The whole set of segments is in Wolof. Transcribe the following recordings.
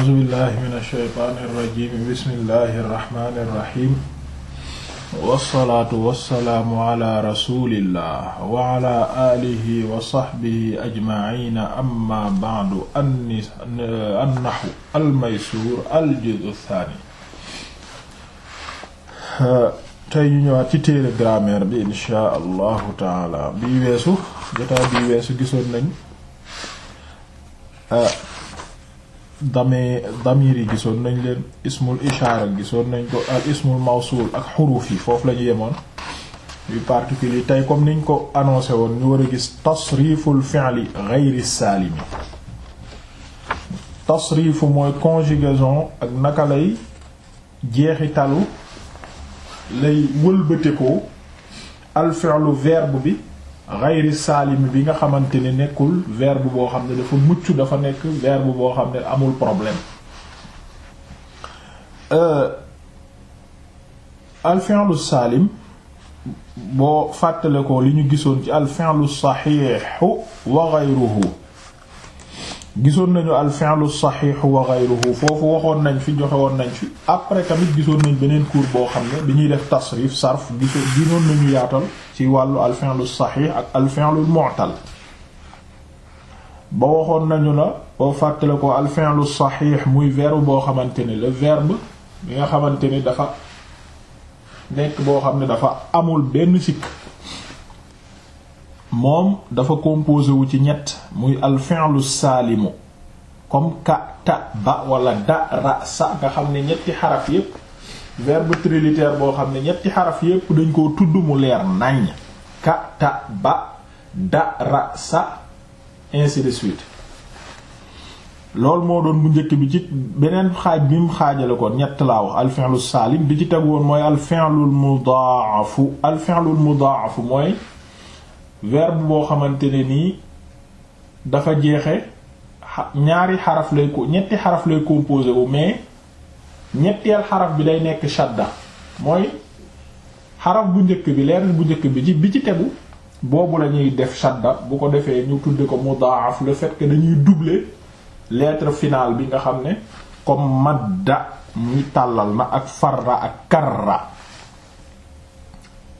a'uuzu billahi mina shaytaani rajiim bismillahi rahmaani rahiim wassalaatu wassalaamu ala rasulillah wa ala wa sahbihi ajmaciina amma ba'du an-nahwu al-maysuur al-juz'u thaani tey ñu ñëwaat ci téere grammaire bi inshaa allahu taala bii weesu jotaa bii weesu gisoon damee damir yi gisoon nañ leen ismu ishaara gisoon nañ ko ak ismul mawsul ak xuruf yi foofu la ñu yemoon yu particulier tey comme niñ ko annoncé woon ñu war a gis tasriful fi'li ghayri saalimi tasrifu mooy conjugaison ak naka lay jeexitalu lay wëlbatekoo al fi'lu verbe bi xayri saalimi bi nga xamante ne nekkul verbe boo xam ne dafa mucc dafa nekk verbe boo xam ne amul problème euh, al fi'lu saalim boo fàttale ko li ñu gisoon ci al fi'lu saxiixu wa xayruhu gisoon nañu al lu saxiix wa ghayruhu foofu waxoon nañ fi joxe woon nañ fi après tamit gisoon nañ beneen cours boo xam ne bi ñuy def tasrif sarf gisoon gisoon nañu yaatal ci wàllu al fi'lu saxiix ak al lu mu'tal ba waxoon nañu la boo fàttale ko al fi'lu saxiix muy verbe boo xamante ni le verbe bi nga xamante ni dafa nekk boo xam ne dafa amul benn sikk moom dafa composé wu ci ñett muy al fi'lu saalimu comme ka ta ba wala da ra sa nga xam ne ñetti xaraf yépp verbe trilitère boo xam ne ñetti xaraf yépp dañ koo tudd mu leer naññ ka ta ba da ra sa ainsi loolu moo doon bu njëkk bi ci beneen xaaj bi mu xaajale ko ñett laa wax al saalim bi ci teg woon mooy al fi'lul mudaafu al fi'lul mudaafu mooy verbe boo xamante ne nii dafa jeexe ñaari xaraf lay ko ñetti xaraf lay composé wu mais ñetteel xaraf bi day nekk shadda mooy xaraf bu njëkk bi lettre bu njëkk bi ci bi ci tegu boobu la ñuy def shadda bu ko defee ñu tudde ko mudaaf le fait que dañuy doubler lettre finale bi nga xam ne comme madda muy tàllal na ak farra ak karra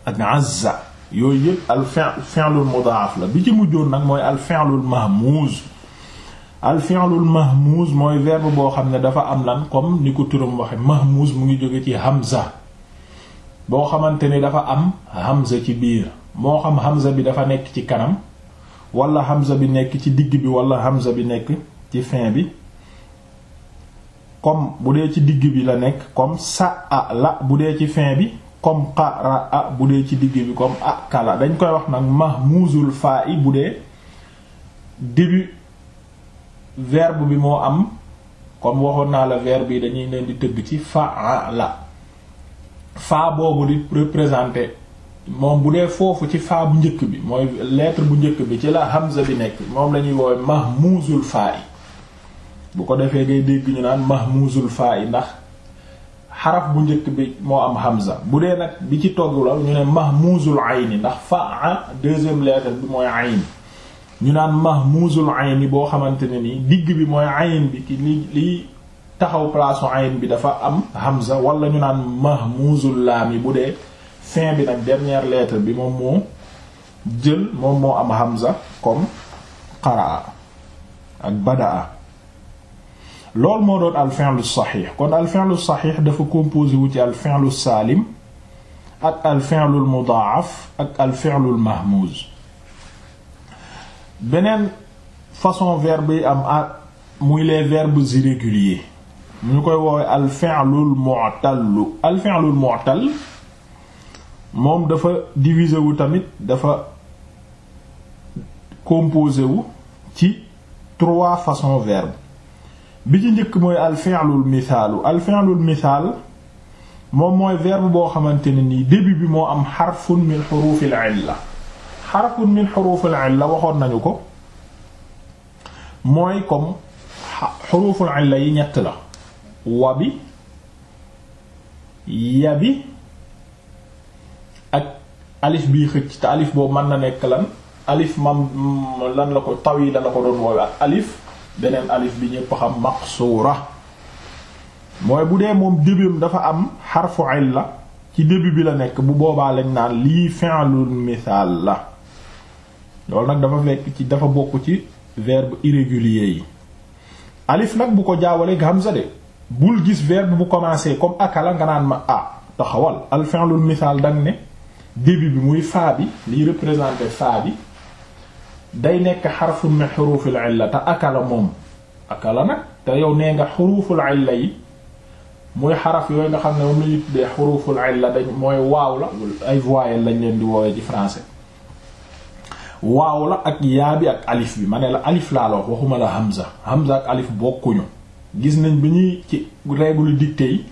ak azza yooyu yëpp al fi'lul mudaaf la bi ci mujjoon nag mooy al fi'lul mahmuz al fi'lul mooy verbe boo xam ne dafa am lan comme ni ko turam waxe mahmuz mu ngi jóge ci hamza boo xamante ni dafa am hamza ci biir moo xam hamza bi dafa nekk ci kanam wala hamza bi nekk ci digg bi wala hamza bi nekk ci fin bi comme bu dee ci digg bi la nekk comme sa la bu dee ci fin bi comme qara a bu dee ci digg bi comme akala dañ koy wax nag mahmuzul faa i bu dee début verbe bi moo am comme waxoon naa la verbe yi dañuy leen di tëgg ci fa'ala faa boobu di représenter moom bu dee foofu ci faa bu njëkk bi mooy lettre bu njëkk bi ci la hamza bi nekk moom lañuy woowe mahmuzul faa i bu ko defee ngay dégg ñu naan mahmuzul faa i ndax xaraf bu njëkk bi moo am hamza bu dee nag bi ci togg la ñu ne ay ayni ndax faa deuxième lettre bi mooy ayn ñu naan mahmuzul ni boo xamante ne nii digg bi mooy ayn bi ki li lii taxaw place ayn bi dafa am hamza walla ñu naan mahmuzul laam yi bu dee fin bi nag dernière lettre bi moom moo jël moom moo am hamza comme qaraa ak badaa loolu moo doon al fi'lu saxiix kon al fi'lu saxiix dafa composé wu ci al saalim ak al fi'lu ak al fi'lu beneen façon verbe yi am muy les verbes mu ñu koy woowee al fi'lul mu'tallu al moom dafa divisé wu tamit dafa composé wu ci trois façons verbe bi ci njëkk mooy al fi'lul misaalu al fi'lul misaal moom mooy verbe boo xamante ne nii début bi moo am xarfun min xurufil illa xarfun min xurufil illa waxoon nañu ko mooy comme xuruful illa yi ñett la wabi yabi ak alif bii xëcc te alif boobu mën na nekk lan alif mam lan la ko taw yi la ko doon woowe ak alif beneen alif bi ñépp xam maqsuura mooy bu dee moom début dafa am xarfu la ci début bi la nekk bu boobaa lañ naan lii fi'lul misaal la loolu nag dafa fekk ci dafa bokk ci verbe irrégulier yi alif nag bu ko jaawale hamza de bul gis verbe bu commencé comme akala nga naan ma ah taxawal al fi'lul misaal dang ne début bi muy faa bi liy représenter faa day nekk xarfu min xurufil illa te akala moom akala nag te yow nee nga xuruful illa yi muy xaraf yooyu nga xam ne moom la ñu tuddee xuruful dañ mooy waaw la ay voyelles lañ leen di woowee di français waaw la ak yaa bi ak alif bi ma ne la alif laa la wax waxuma la hamza hamza ak alif bokkuñu gis nañ bi ñuy ci règle dictée yi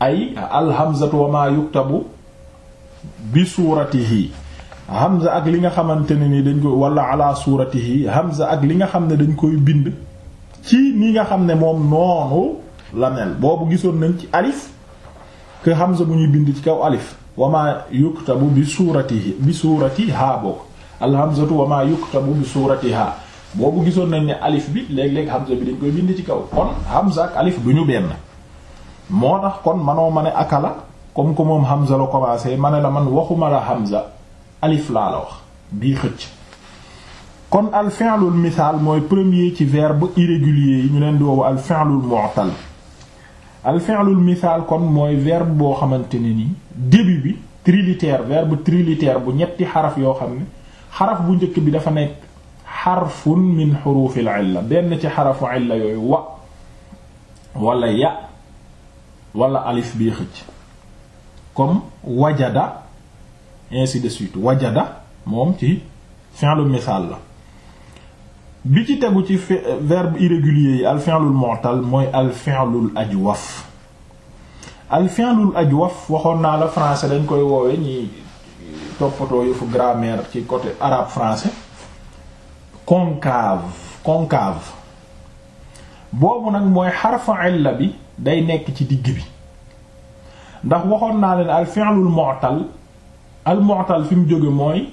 ay alhamzatu wa ma yuktabu bi suuratihi hamza ak li nga xamante ne ni dañ koy wala ala suratihi hamza ak li nga xam ne dañ koy bind ci ni nga xam ne moom noonu la mel boobu gisoon nañ ci alif que hamza bu ñuy bind ci kaw alif wama yuktabu bi suratihi bi suratiha boog alhamzatu wama yuktabu bi suratiha boobu gisoon nañ ne alif bi léeg-léeg hamza bi dañ koy bind ci kaw kon hamza ak alif du ñu benn moo tax kon manoo ma ne akala comme que moom hamza la commencé ma ne la man waxuma la hamza alif laa la wax bii xëcc kon al fi'lul misaal mooy premier ci verbe irrégulier yi ñu leen di woowu al fi'lul mu'tal al fi'lul misaal kon mooy verbe boo xamante ni nii début bi trilitère verbe trilitère bu ñetti xaraf yoo xam ne xaraf bu njëkk bi dafa nekk xarfun min xurufil illa benn ci xarafu illa yooyu wa wala ya alif bii xëcc comme wajada ainsi de suite wajada moom ci fi'lu misaal la bi ci tegu ci verbe irrégulier yi al fi'lul mu'tal mooy al fi'lul ajwaf al fi'lul ajwaf waxoon naa la français dañ koy woowe ñi toppatoo yëfu grammaire ci côté arabe français concave concave boobu nag mooy xarfu illa bi day nekk ci digg bi ndax waxoon naa leen al fi'lul mu'tal al-mu'tal fi mu jóge mooy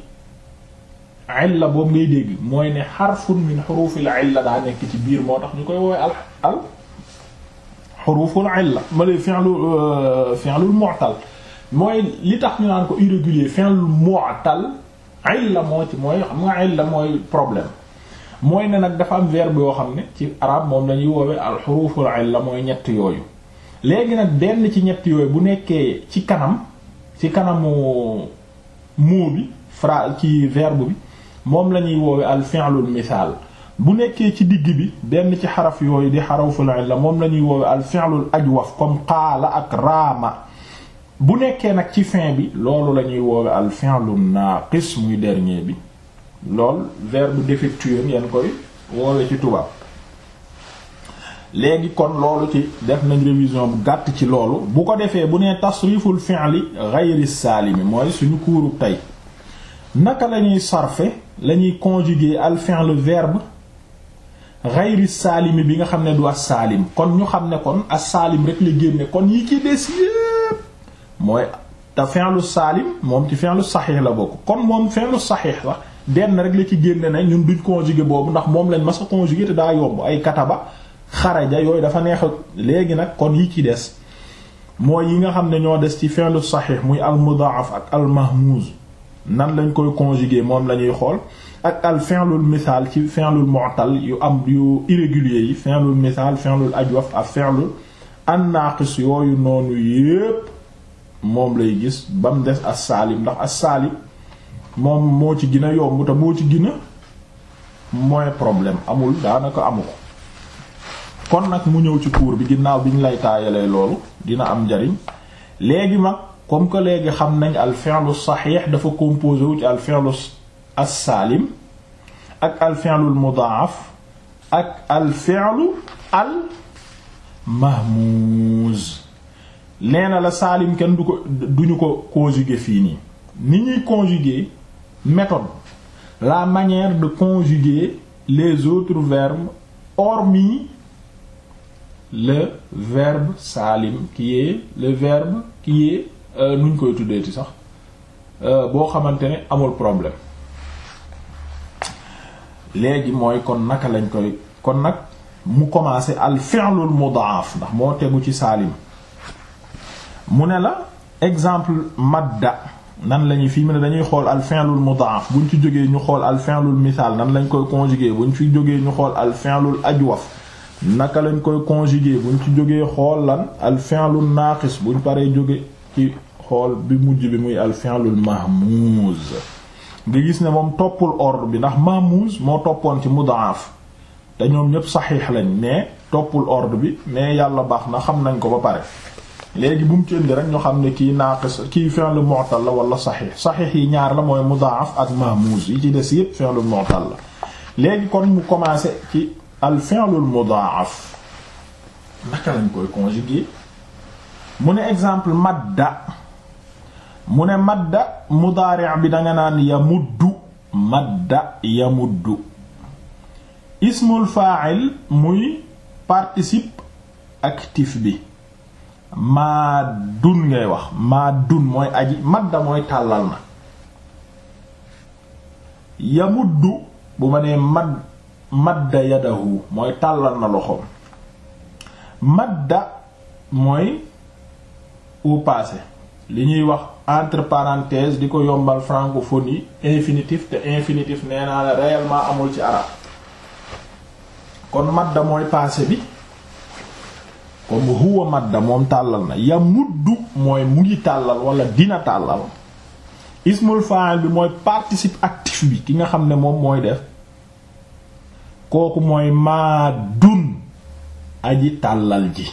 illa boobu ngay dégg mooy ne xarfun min xurufil illa daa nekk ci biir moo tax ñu koy woowe al al xuruful illa ma lay fi'lu euh, fi'lul mu'tal mooy li tax ñu naan ko irrégulier fi'lul mu'tal illa moo xam nga problème mooy ne nag dafa am verbe yoo xam ne ci arab moom lañuy woowee al xuruful illa mooy ñett yooyu léegi nag benn ci ñett yooyu bu nekkee ci kanam ci kanamu mot bi fra ci verbe bi moom la ñuy woowe al fi'lul misaal bu nekkee ci digg bi benn ci xaraf yooyu di xaraful la moom la ñuy woowe al fi'lul ajwaf comme qaala ak raama bu nekkee nag ci fin bi loolu lañuy ñuy woowe al fi'lun naaqis muy dernier bi lool verbe défectueux ngeen koy woowe ci tuba léegi kon loolu ci def nañ révision bu gàtt ci loolu bu ko defee bu nee tasriful fi'li ghayri saalimi mooy suñu kuurub tey naka lañuy ñuy sarfe la ñuy conjuguer al fi'l verbe ghayri saalimi bi nga xam ne du as-saalim kon ñu xam ne kon as-saalim rek la génne kon yi ci des yépp mooy te fi'lu saalim moom ci fi'lu saxiix la bokk kon moom fi'lu saxiix la denn rek la ci génne ne ñun duñ conjuguer boobu ndax moom lañ mas sa conjuguer te daa yomb ay kataba xaraja yooyu dafa neex léegi nag kon yi ci des mooy yi nga xam ne ñoo des ci fi'lu saxiix muy al mudaaf ak al mahmuz nan lañ koy conjuguer moom lañuy xool ak al fi'lul ci fi'lul mu'tal yu am yu irrégulier yi fi'lul misaal fi'lul ajwaf ak fi'lul annaqis yooyu noonu yépp moom lay gis ba mu des as saalim ndax as saalim moom moo ci gën a yomb te moo ci gën a mooy problème amul daanaka amu kon nag mu ñëw ci cours bi ginnaaw bi ñu lay taayalee loolu dina am njariñ léegi mag comme que léegi xam nañ al fi'lu saxiix dafa composé wu ci al fi'lu as-saalim ak al fi'lu al-mudaaf ak al fi'lu al mahmuuz nee na la saalim kenn du ko duñu ko conjuguer fii nii ni ñuy conjuguer méthode la manière de conjuguer les autres verbes hormis le verbe salim qui est le verbe qui est euh, nuñ koy tuddeeti sax euh, boo xamante ne amul problème léegi mooy kon naka lañ koy kon nag mu commencé al fi'lul mudaaf ndax moo tegu ci saalim mu ne la exemple madda nan la fii mu ne dañuy xool al fi'lul bu ñu ci jógee ñu xool al fi'lul misaal nan lañ koy bu ñu fi jógee ñu xool al fi'lul ajwaf naka lañ koy bu ñu ci jógee xool lan al fi'lu naaqis ñu paree jóge ci xool bi mujj bi muy al fi'lu mahmuz nga gis ne moom toppul ordu bi ndax mahmuz moo toppoon ci mudaaf te ñoom ñëpp saxiix lañ mais toppul ordu bi mais yàlla baax na xam nañ ko ba pare léegi bu mu ci indi rek ñu xam ne kii naaqis kii fi'lu mu'tal la wala saxiix saxiix yi ñaar la mooy mudaaf ak mahmuz yi ci des yëpp fi'lu mu'tal la léegi kon mu commencé ci al fi'lul mudaaf naka lañ koy conjuguer mu ne exemple madda mu ne madda mudaari' bi danga naan yamuddu madda yamuddu ismul fa'il muy participe actif bi maa ngay wax maa dun mooy aji madda mooy tàllal na yamuddu bu ma nee mad madda yadahu mooy tàllal na loxoom madda mooy au passé li ñuy wax entre parenthèses di ko yombal francophonie infinitif te infinitif nee naa la réellement amul ci arabe kon madda mooy passé bi comme huwa madda moom tàllal na ya muddu mooy mu ngi tàllal wala dina tàllal ismul fa'il bi mooy participe actif bi ki nga xam ne moom mooy def kooku mooy maa dun aji tàllal ji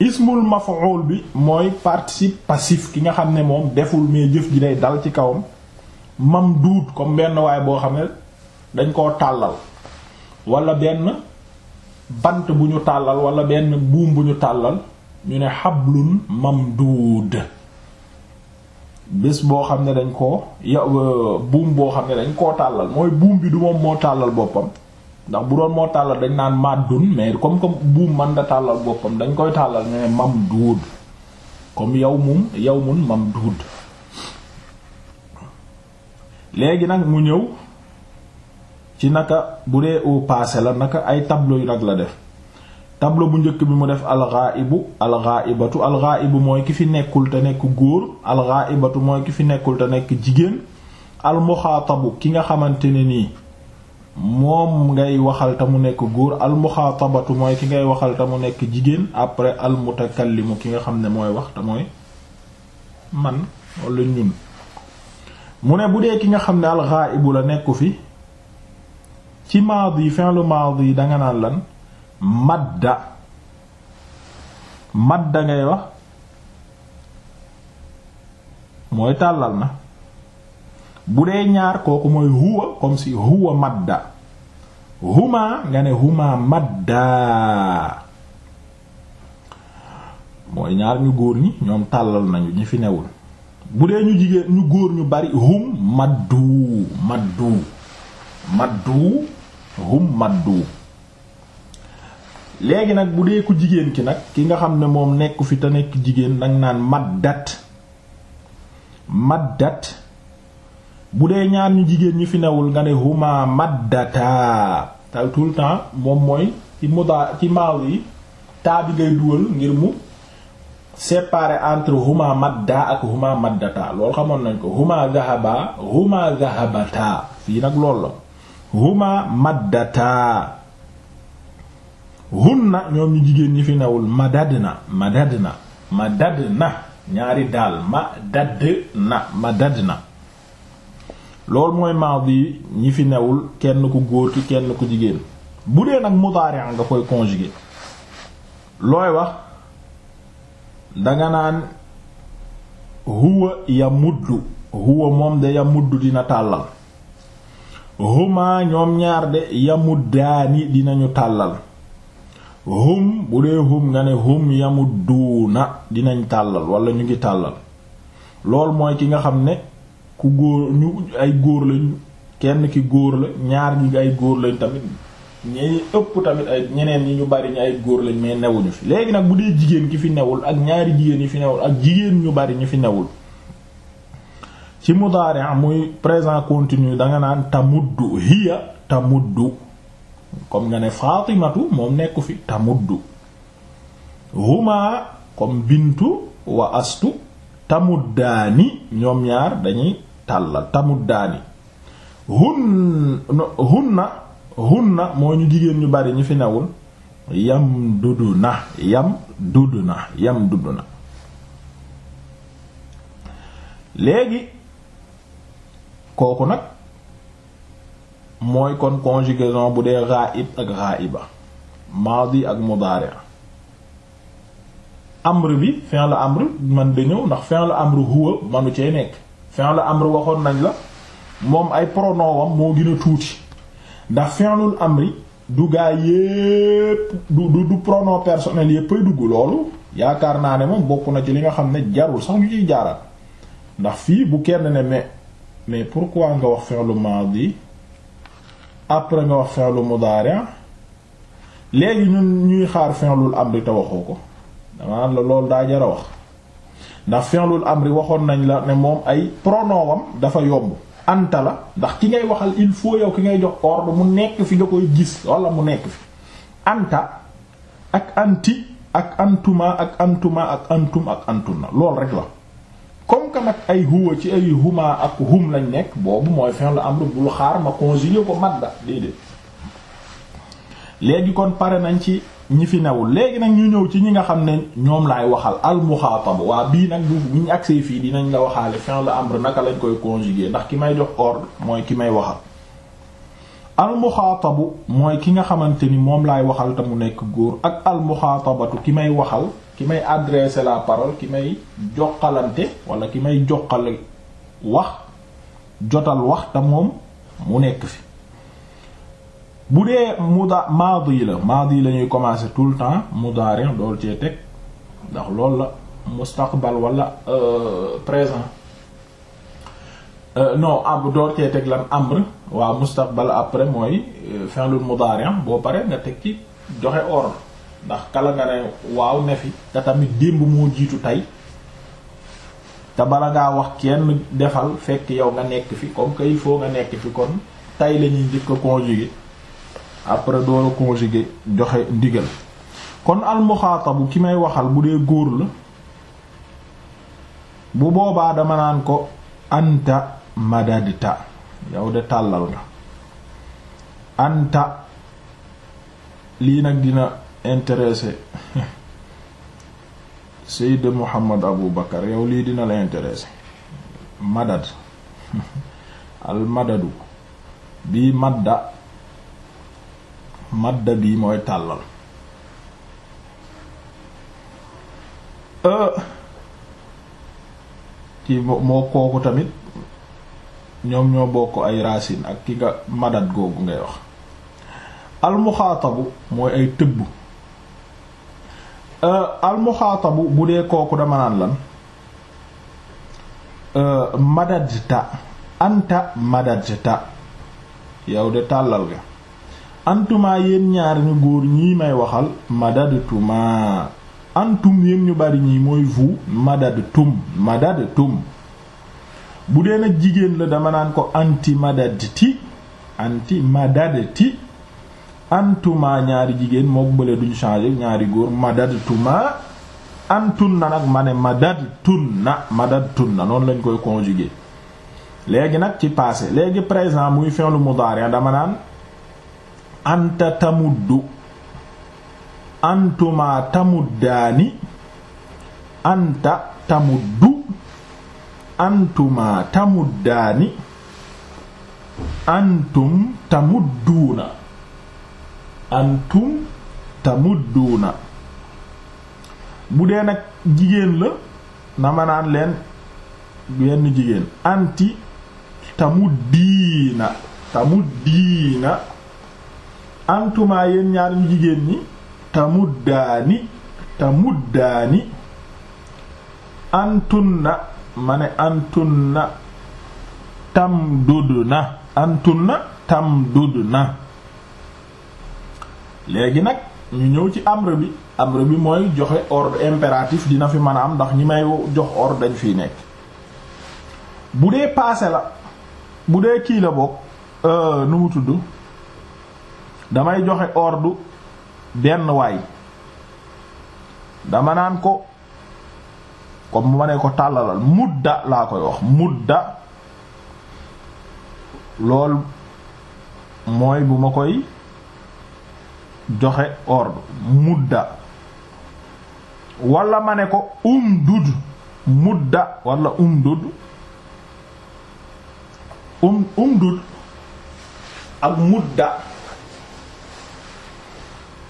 ismul maf'ul bi mooy participe passif ki nga xam ne moom deful mais jëf ji day dal ci kawam mam duut comme benn waay boo xam dañ koo tàllal walla benn bant bu ñu tàllal wala benn buum bu ñu tàllal ñu ne xablun mam duud bés boo xam ne dañ ko ya euh, buum boo xam ne dañ koo tàllal mooy buum bi du moom moo tàllal boppam ndax bu doon moo tàllal dañ naan màddun mais comme comme buum man da tàllal boppam dañ koy tàllal ne mam duud comme yow mum yow mun mam duud léegi nag mu ñëw ci naka bu dee au passé la naka ay tableau yu nag la def tableau bu njëkk bi mu def alxaaibu alxaaibatu alxaaibu mooy ki fi nekkul te nekk góor alxaaibatu mooy ki fi nekkul te nekk jigéen almuxaatabu ki nga xamante ne nii moom ngay waxal mu nekk góor almuxaatabatu mooy ki ngay waxal mu nekk jigéen après almutakallimu ki nga xam ne mooy wax te mooy man wala ñun mu ne bu dee ki nga xam ne alxaaibu la nekku fi ci maadi fi'lu maadi danga naan lan madda madda ngay wax mooy tàllal na bu dee ñaar kooku mooy huwa comme si huwa madda huma nga ne huma madda mooy ñaar ñu góor ñi ñoom tàllal nañu ñi fi newul bu dee ñu jigéen ñu góor ñu bari hum maddu maddu hum maddu léegi nag bu dee ku jigéen ki nag ki nga xam ne moom nekku fi te nekk jigéen nag naan maddat maddat bu dee ñaar ñu jigéen ñi fi newul nga ne huma maddata te tout le temps moom mooy ci muda ci maaw yi taa bi ngay dugal ngir mu séparer entre huma madda ak huma maddata xamoon nañ ko huma zahaba huma zahabata fii nag loolu la huma maddata hunna ñoom ñu jigéen ñi fi newul madadna madadna madadna ñaari daal madadna madadna loolu mooy maadi ñi fi newul kenn ku góor ki kenn ku jigéen bu dee nag mudaari' nga koy conjuguer looy wax danga naan huwa yamuddu huwa moom de yamuddu dina tàllal huma ñoom ñaar de yamuddaani dinañu tàllal hum bu dee hum nga ne hum na dinañ tàllal wala ñu ngi tàllal lool mooy ki nga xam ne ku góor ñu ay góor lañ kenn ki góor la ñaar ñi ay góor lañ tamit ñi ëpp tamit ay ñeneen ñi ñu bari ñi ay góor lañ mais newuñu fi léegi nag bu dee jigéen ki fi newul ak ñaari jigéen yi fi newul ak jigéen ñu bari ñu fi newul ci mudaari' muy présent continu danga naan tamuddu hiya tamuddu comme nga ne faatimatu moom nekku fi tamuddu huma comme bintu wa astu tamuddaani ñoom ñaar dañuy tàllal tamuddaani hun hunna hunna moo ñu jigéen ñu bari ñi fi newul yam dudd na yam dudd na yam dudd na léegi kooku nag mooy kon conjugaison bu dee ghaib ak ghaiba maadi ak mudaari amri bi fi'l amr man da ñëw ndax fi'l amr huwa manu cee nekk fi'l amr waxoon nañ la moom ay prono wam moo gën tuuti ndax fi'lul amri du gaa yépp du du du pronom personnel yéppay dugg loolu yaakaar naa ne moom bokk na ci li nga xam ne jarul sax ñu ciy jaaraat ndax fii bu kenn ne mais mais pourquoi nga wax fi'lu maadi après nga wax fi'lu mudaari' ah. léegi ñun ñuy xaar fi'lul amri te waxoo ko dama la loolu daa jara wax ndax fi'lul amri waxoon nañ la ne moom ay pronom wam dafa yomb anta la ndax ki ngay waxal il faut yow ki ngay jox ordre mu nekk fi nga koy gis wala mu nekk fi anta ak anti ak antuma ak antuma ak antum ak antunna lool rek la comme que nag ay huwa ci ay huma ak hum lañu nekk boobu mooy fin la am lu bul xaar ma conjuguer ko madda déedéet léegi kon pare nañ ci ñi fi newul léegi nag ñu ñëw ci ñi nga xam ne ñoom laay waxal al muxaatab waa bii nag bu ñu agsee fii dinañ la waxaale fin la amre naka lañ koy conjuguer ndax ki may jox ordre mooy ki may waxal al muxaatabu mooy ki nga xamante ni moom laay waxal te mu nekk góor ak al muxaatabatu ki may waxal ki may adresser la parole ki may joxalante wala ki may joxal wax jotal wax te moom mu nekk fi bu dee muda maadi la maadi la ñuy commencer tout le temps mudari dool cee teg ndax loolu la mustaqbal wala euh, présent euh, non ab door cee teg lan amr waa mustaqbal après mooy euh, fi'lul mudari boo pare nga teg ci joxe ordre ndax kala nga ne waaw ne fi te tamit démb moo jiitu tay te bala nga wax kenn defal fekk yow nga nekk fi comme que il nga nekk fi kon tey la ñuy njëkk a conjuguer après door a conjuguer joxe ndigal kon almuxaatabu ki may waxal bu dee góor la bu boobaa dama naan ko anta madadta yow de tàllal nga anta lii nag dina intéressé Seyd Muhammad Abu Bakar yow lii dina la intéressé madad al madadu madda madda bii mooy tàllal ki euh, moo kooku tamit ñoom ñoo bokk ay racine ak ki nga madad googu ngay wax al mooy ay tëbb Euh, al bu dee kooku dama naan lan euh, madadta anta madadta yow de tàllal ga antuma yéen ñaari ñu góor ñii may waxal madadtuma antum yéen ñu bari ñii mooy vous madadtum madadtum bu dee nag jigéen la dama naan ko anti madadti anti madadti antuma ñaari jigéen mook bële duñ changer ñaari góor madadtuma antunna nag ma ne madadtunna madadtunna noonu lañ koy conjuguer léegi nag ci passé léegi présent muy fi'lu mudari ah dama naan anta tamuddu antuma tamuddaani anta tamuddu antuma tamuddaani antum tamudduuna antum tamudduuna bu dee nag jigéen la na ma naan leen benn jigéen anti tamuddiina tamuddiina antumaa yéen ñaar ñu jigéen ñi tamuddaani tamuddaani antunna ma ne antunna tamdudna antunna tamdudna léegi nag ñu ñëw ci amre bi amre bi mooy joxe ordre impératif dina fi mën a am ndax ñi may jox ordre dañ fii nekk bu dee passé la bu dee kii la bokk euh, nu mu tudd damay joxe ordre benn waay dama naan ko comme ma ne ko tàllalal mudda laa koy wax mudda lool mooy bu ma koy joxe ordre mudda wala ma ne ko umdud mudda wala umdud um umdud ak mudda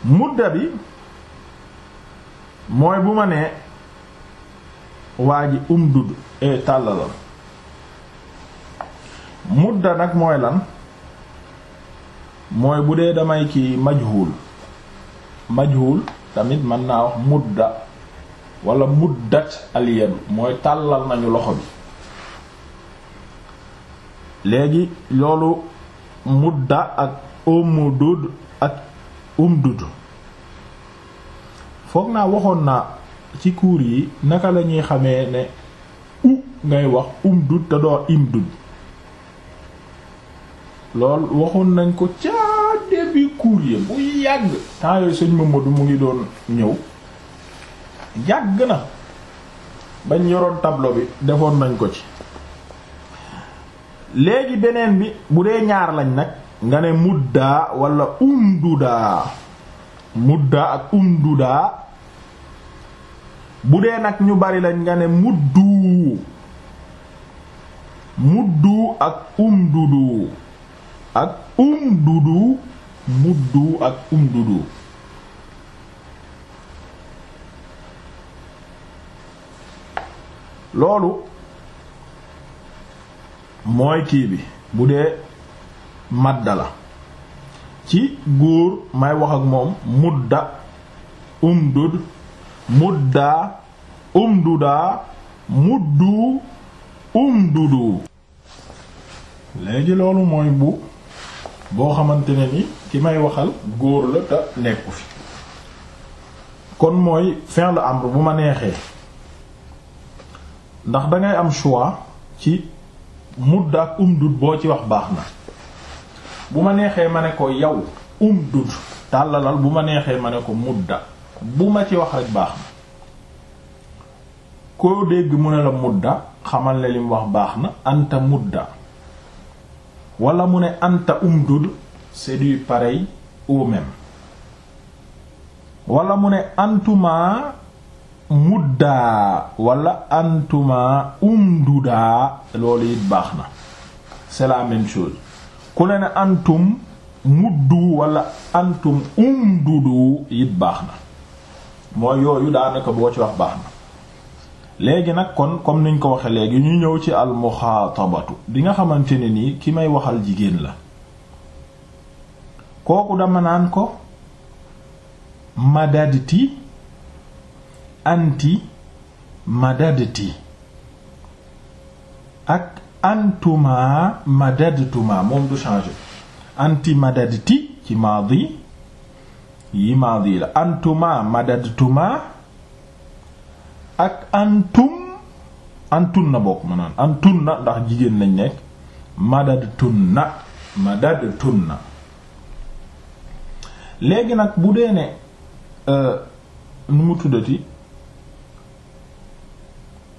mudda bi mooy bu ma nee waa ji umdud e tàllalal mudda nag mooy lan mooy bu dee damay ki majhul majhul tamit mën naa wax mudda wala muddat alyadu mooy tàllal nañu loxo bi léegi loolu mudda ak umdud ak umdud foog naa waxoon na ci kuur yi naka lañuy ñuy xamee ne u ngay wax umdud te doo imdud loolu waxoon nañ ko ca début cours yi bu yàgg temps yooyu sëñ Mamadou mu ngi doon ñëw yàgg na bañ yoroon tableau bi defoon nañ ko ci léegi beneen bi bu dee ñaar lañ nag nga ne muddaa wala umdudaa muddaa ak umdudaa bu dee nag ñu bari lañ nga ne muddu muddu ak umdudu ak um dudu muddu ak umdudu loolu mooy kii bu dee madda ci góor may wax ak moom mudda umdud muddaa umdudaa muddu umdudu léegi loolu mooy bu boo xamante ne ni ki may waxal góor la te nekku fi kon mooy fi'l amr bu ma neexee ndax dangay am choix ci mudd ak umdud boo ci wax baax na bu ma neexee ma ne ko yow umdud tàllalal bu ma neexee ma ne ko mudda bu ma ci wax rek baax na koo dégg mu ne la mudda xamal ne lim wax baax na anta mudda wala mu ne anta umdud c'est du pareil au même mu ne antuma muddaa wala antuma umdudaa loolu it baax na c'est la même chose ku ne ne antum muddu wala antum umdudu it baax na mooy yooyu daanaka boo ci wax baax na léegi nag kon comme niñ ko waxee léegi ñu ñëw ci almuxaatabatu bi nga xamante ne nii ki may waxal jigéen la kooku dama naan ko madadti anti madadti ak antuma madadtuma moom du changé anti madadti ci maadi yi maadi la antuma madadtuma ak antum antun na bokk ma naan antun na ndax jigéen lañ nekk madad tun na madad tun na léegi nag bu dee ne euh, nu mu tuddati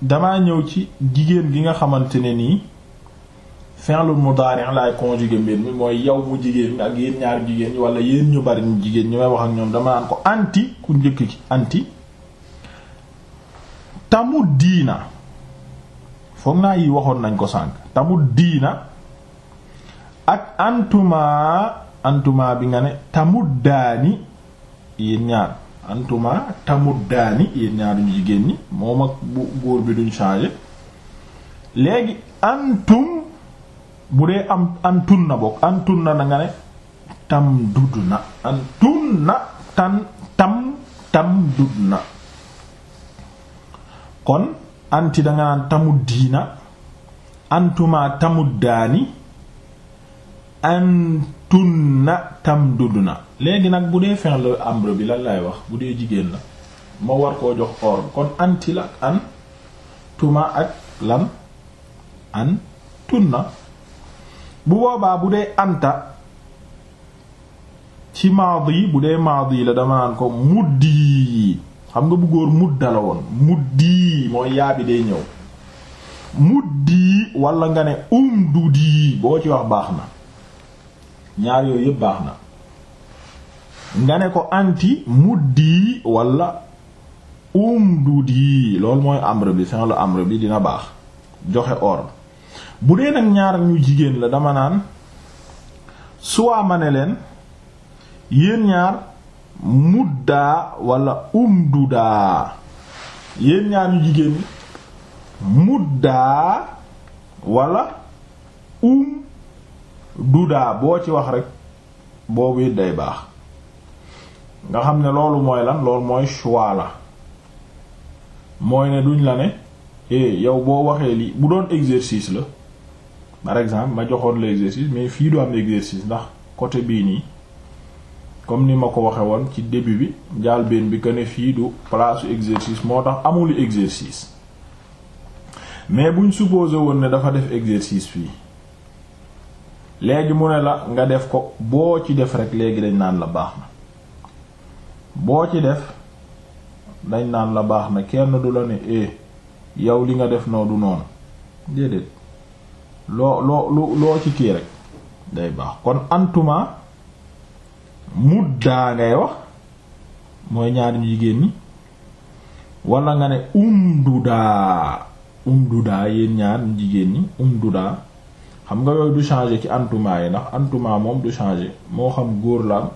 damaa ñëw ci jigéen gi nga xamante ne nii fi'lul mudari' laay conjuguer mbir mi mooy yow mu jigéen ak yéen ñaar jigéen ñi wala yéen ñu bari ñu jigéen ñi may wax ak ñoom dama naan ko anti ku njëkk ki anti tamu diina foog naa yi waxoon nañ ko sànq tamu diina ak antuma antuma bi nga ne tamu daani yéen ñaar antuma tamu daani yéen ñaar ñu jigéen ñi moom ak bu góor bi duñ changer léegi antum bu dee am antun na bokk antun na na nga ne tam dudd na antun na tam tam dudd na anti danga naan tamuddiina antuma tam antunna na léegi nag bu dee fin la ambre bi lan lay wax bu dee jigéen la moo war koo jox or kon anti la ak an ak lan an na bu boobaa bu dee anta ci maadi bu dee maadi la dama naan ko muddi xam nga bu góor mudda la woon muddi mooy yaa bi day ñëw muddi wala nga ne umdudi boo ci wax baax na ñaar yooyu yëpp baax na nga ne ko anti muddi wala umdudi loolu mooy amr bi fin la amr bi dina baax joxe ordre bu dee nag ñaar ñu jigéen la dama naan soit ma ne leen yéen ñaar. muddaa wala umdudaa yéen ñaanu jigéen ñi muddaa wala umdudaa boo ci wax rek boobu it day baax nga xam ne loolu mooy lan loolu mooy choix la mooy ne duñ la ne eh yow boo waxee lii bu doon exercice la par exemple ma joxoon l'exercice mais fii du am exercice ndax côté bii nii comme ni ma ko waxe woon ci début bi njàlbéen bi que ne fii du place exercice moo tax amul exercice mais buñ supposé woon ne dafa def exercice fii léegi mu ne la nga def ko boo ci def rek léegi dañ naan la baax na boo ci def dañ naan la baax na kenn du la ne eh, yow li nga def noo du noonu déedéet loo loo loo ci kii rek day baax kon antuma muddaa ngay wax mooy ñaar jigéen ñi wala nga ne umdudaa umdudaa yéen ñaar jigéen ñi umdudaa xam nga yooyu du changer ci antuma yi ndax antuma moom du changer moo xam góor la am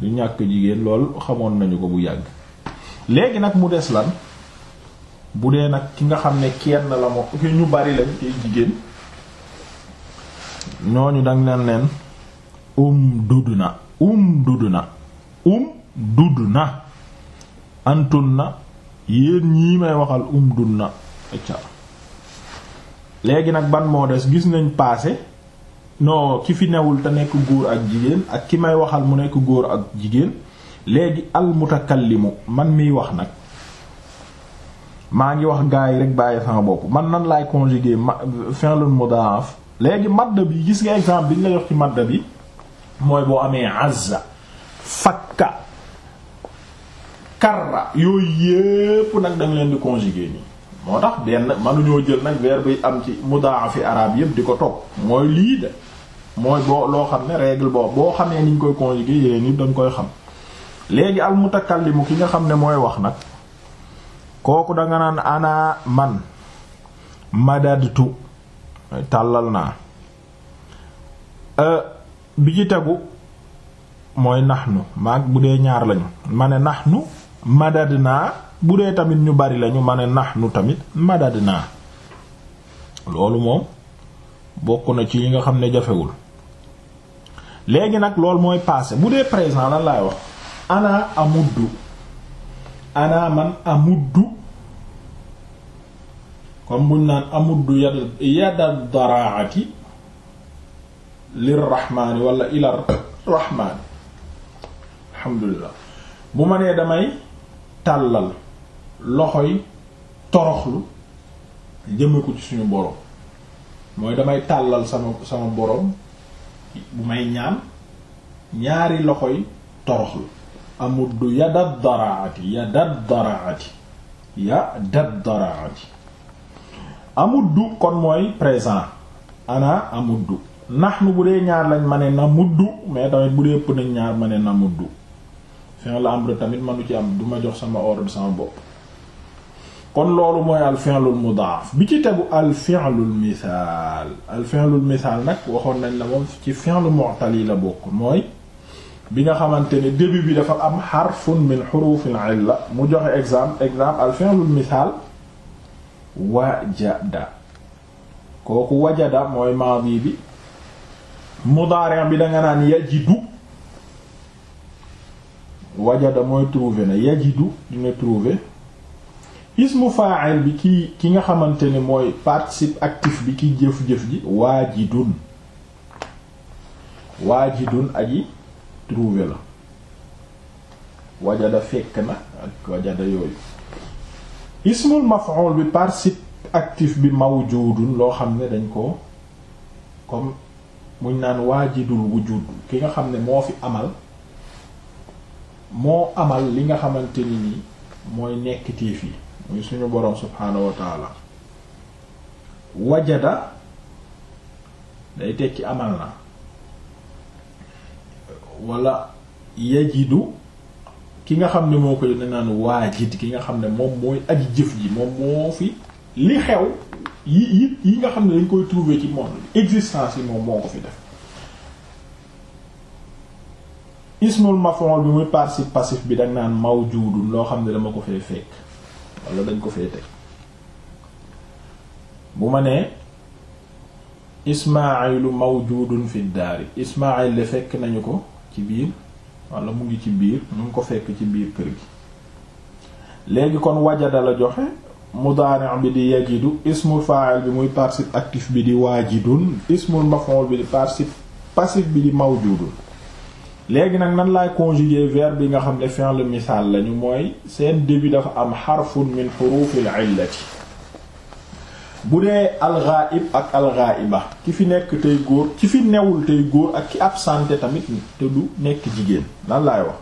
du ñàkk jigéen lool xamoon nañu ko bu yàgg léegi nag mu des lan bu dee nag ki nga xam ne kenn la moom ki ñu bari lañ tey jigéen ñooñu dang leen leen umdudna um dudd na um dudd na antun na yéen ñii may waxal um dudd na léegi nag ban moo des gis nañ passé non ki fi newul te nekk góor ak jigéen ak ki may waxal mu nekk góor ak jigéen léegi mutakal almutakallimu man miy wax nag maa ngi wax gaa yi rek bàyyi sama bopp man nan laay conjuguer ma fi'lun mudaf léegi madd bi gis nga exemple bi ñu la jox ci madd bi mooy boo amee azza fakka karra yooyu yépp nag da leen di conjuguer nii moo tax benn mënuñoo jël nag verbe yi am ci mudaafi arab yépp di ko topp mooy lii de mooy boo loo xam ne regl boo xamee niñ ñu koy conjuguer yéen ni dañ koy xam léegi al mutakallimu ki nga xam ne mooy wax nag kooku danga naan ana man madadtu tàllal naa euh, bi ci tegu mooy nax nu maag bu dee ñaar lañu ma ne naxnu madadna bu dee tamit ñu bari lañu ma ne naxnu tamit madadna loolu moom bokk na ci yi nga xam ne jafewul léegi nag loolu mooy passé bu dee présent lan lay wax ana amuddu ana man amuddu comme buñ naan amuddu yad yadal daraati lirrahmaani wala ila rahmaani alhamdulillah bu ma nee damay tàllal loxoy toroxlu jëme ko ci suñu boroom mooy damay tàllal sama sama boroom bu may ñaan ñaari loxoy toroxlu amuddu yadad daraati yadad daraati yadad daraati amuddu kon mooy présent ana amuddu mu bu dee ñaar lañ ma ne na muddu mais tamit bu dee ëpp ñaar ma ne na muddu fi'l amr tamit manu ci am duma jox sama ordre sama bopp kon loolu mooy al fi'lul mudaaf bi ci tegu al fi'lul misaal al nag waxoon nañ la moom ci fi'l mu'tal yi la bokk mooy bi nga xamante ne début bi dafa am xarfun min xurufil illa mu joxe exemple exemple al fi'lul misaal wajada kooku wajada mooy maadi bi mudaari bi danga naan yajidu wajada mooy trouver na yajidu dina trouver ismu fa'il bi ki ki nga xamante ni mooy participe actif bi ki jëf-jëf ji waajidun waajidun aji trouver la wajada fekk na ak wajada yooyu ismul maf'ul bi participe actif bi mawjudun loo xam ne dañ koo comme muñ naan waajidul wujud ki nga xam ne moo fi amal moo amal li nga xamante ni nii mooy nekk tiif yi muy suñu boroom subhaanahu wa taala wajada day tekki amal na wala yajidu ki nga xam ne moo koy ne naan waajid ki nga xam ne moom mooy aji jëf ji moom moo fi li xew yi yi yi nga xam ne dañ koy trouver ci monde bi existence yi moom moo ko fi def ismul maf'ul bi muy participe passif bi da naan mawjudun loo xam ne dama ko fee fekk wala dañ ko fee bu ma nee ismailu mawjudun fi daari ismail de fekk nañu ko ci biir walla mu ngi ci biir mu ngi ko fekk ci biir kër gi léegi kon wajada dala joxe mudaari' bi di yajidu ismul fa'il bi muy participe actif bi di waajidun ismul maf'ul bi di participe passif bi di mawjudun léegi nag nan laay conjuguer verbe bi nga xam ne fi'l misaal lañu mooy seen début dafa am xarfun min xurufil illati bu dee alxaaib ki fi nekk tey góor ki fi newul tey góor ak ki absenté tamit te du nekk jigéen lan laay wax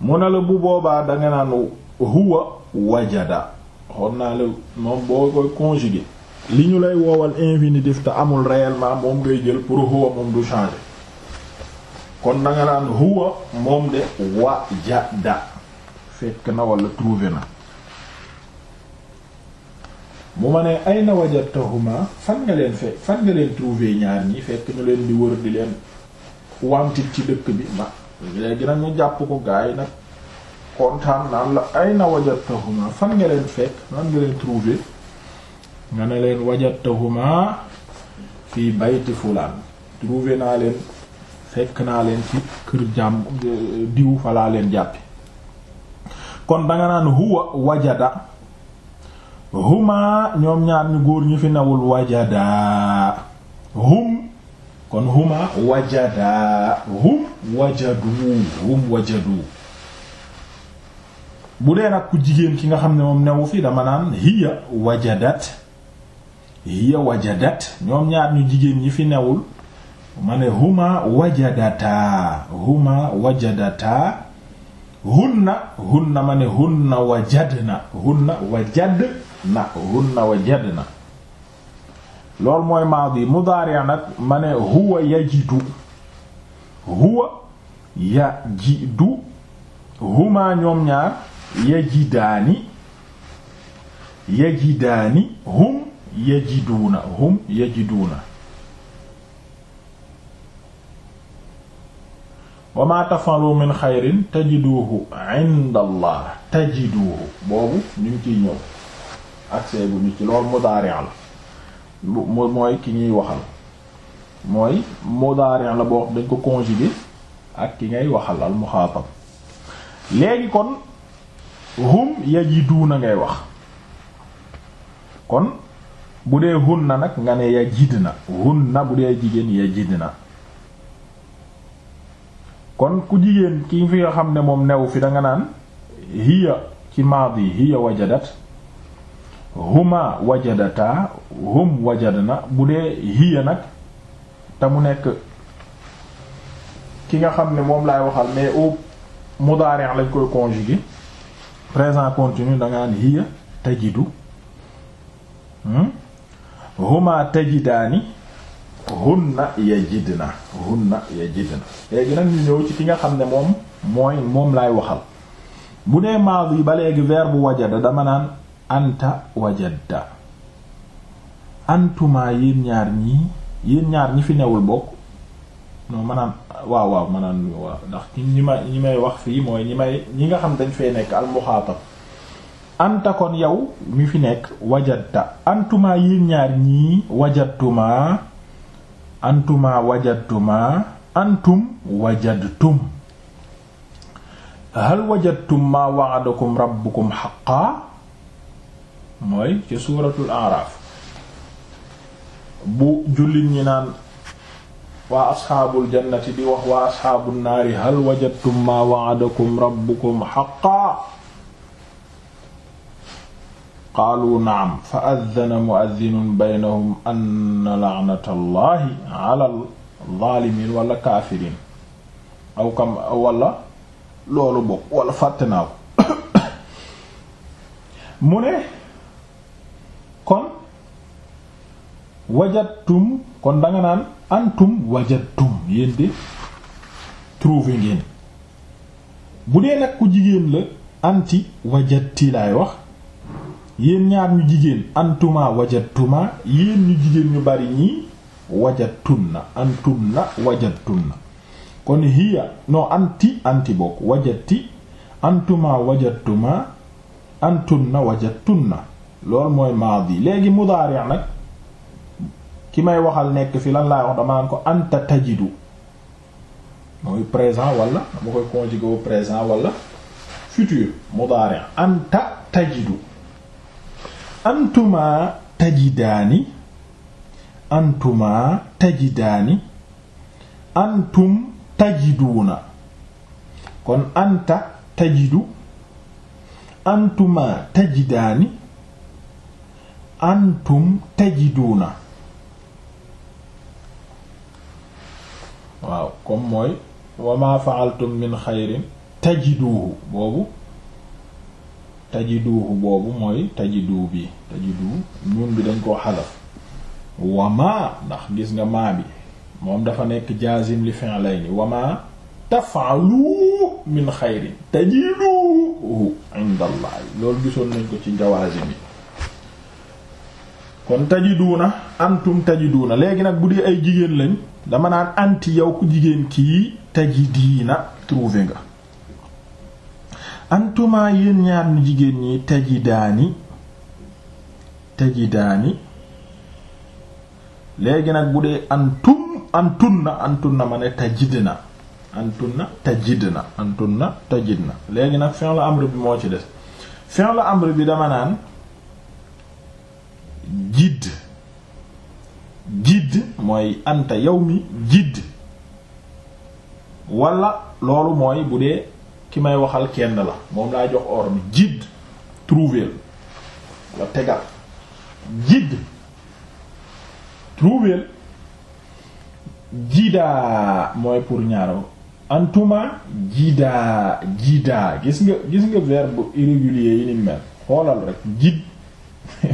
mu ne la bu boobaa danga naan huwa wajada waxoon naa la moom boo koy conjuguer li ñu lay woowal infinitif te amul réellement moom ngay jël pour huwa moom du changer kon nanga nga naan huwa moom de wajada fekk na wala trouver na mu ma ne ay na wajadtahuma fan nga leen fekk fan nga leen trouver ñaar ñi fekk ñu leen di wër di leen wantit ci dëkk bi ma léegi nag ñu jàpp ko gaay nag kontaan naan la ayna wajadtahuma fan nga leen fekk nan nga leen trouver nga ne leen wajadtahuma fii bayti fulaan trouver naa leen fekk naa leen ci kër jàmm diw falaa leen jàppi kon danga naan huwa wajada huma ñoom ñaar ñu góor ñi fi newul wajada hum kon huma wajada hum wajadu bu dee nag jigéen ki nga xam ne moom newu fii dama naan hiya wajadat hiya wajadat ñoom ñaar ñu jigéen ñi fi newul ma ne huma wajadataa huma wajadataa hunna hunna ma ne hunna wajadna hunna wajadna hunna wajadna loolu mooy maadi mudaari nag ma ne huwa yajidu huwa yajidu huma ñoom ñaar yajidaani yajidaani hum yajiduuna hum yajiduuna wa maa tafalu min xayrin tajiduuhu inda allah boobu ñu ngi ciy ñëw accès bu ñu ci loolu mudaari' la mu mooy ki ñuy waxal mooy mudaari' la boo dañ ko conjugué ak ki ngay waxal al muxaatab léegi kon hum na ngay wax kon bu dee na nag nga ne yajidna na bu dee jigéen na kon ku jigéen ki fi nga xam ne moom new fi danga naan hiya ci maadi hiya wajadat huma wajadataa hum wajadna bu dee hiya nag te mu nekk ki nga xam ne moom lay waxal mais au mudaari' lañ koy gi présent continu da ngaa ne hiya tajidu hmm? huma tajidaani hunna yajidna hunna yajidna léegi nag ñu ñëw ci ki nga xam ne moom mooy moom laay waxal bu dee yi ba léegi verbe wajada dama naan anta wajadta antumaa yéen ñaar ñii yéen ñaar ñi fi newul bokk non maanaam waaw waaw maanaam waaw ndax ñi may wax fii mooy ñi may ñi nga xam dañ fee nekk al muxaatab kon yow mi fi nekk wajadta antuma yéen ñaar ñii wajadtuma antuma wajadtuma antum wajadtum hal wajadtum ma wa'adakum rabbukum haqqan mooy ci suuratul a'raaf bu jullit ñi naan waa asxaabul jannati di wax waa asxaabun naari hal wajadtum maa wa'adakum rabbukum haqqan qaalu na'am fa addana mu'addinun baynahum anna la'natallahi 'alal zaalimiin wala kaafiriin aw kam wala loolu bokk wala fàtte kon wajadtum kon danga antum wajadtum yéen de trouvé ngeen bu dee nag jigéen la anti wajadti laay wax yéen ñaar ñu jigéen antuma wajadtuma yéen ñu jigéen ñu bari ñii wajadtunna antunna wajadtunna kon hiya non anti anti bokk wajadti antuma wajadtuma antunna wajadtunna loolu mooy maadi léegi mudaari' nag ki may waxal nekk fi lan laa wax dama naan ko anta tajidu mooy présent wala dama koy conjuguer au présent wala futur mudari anta tajidu antuma tajidaani antuma tajidaani antum tajiduuna kon anta tajidu antuma tajidaani antum tajiduuna waaw comme mooy wa ma fa'altum min xayrin tajiduuhu boobu tajiduuhu boobu mooy tajiduu bi tajiduu ñun bi dañ koo xadaf wa ndax gis nga maa bi moom dafa nekk jaazim li lay wa ma taf'alu min xayrin tajiduuhu indallahi loolu gisoon nañ ko ci jawaazim yi kon tajiduuna antum tajiduuna léegi nag bu dee ay jigéen lañ dama naan anti yow ku jigéen kii taji diina trouvé nga antuma yéen ñaar ñu jigéen ñi taji daani taji daani léegi nag bu dee antum antunna na ma ne tajidna antunna tajidna antunna na léegi nag fi'l amr bi moo ci des fi'l amr bi dama naan jidd jidd mooy anta yow mi jidd wala loolu mooy bu dee ki may waxal kenn la moom laa jox or bi jidd trouver la tegal jidd trouver jidaa mooy pour ñaaro antuma jidaa jidaa gis nga gis nga verbe irrégulier yi ni mel xoolal rek jidd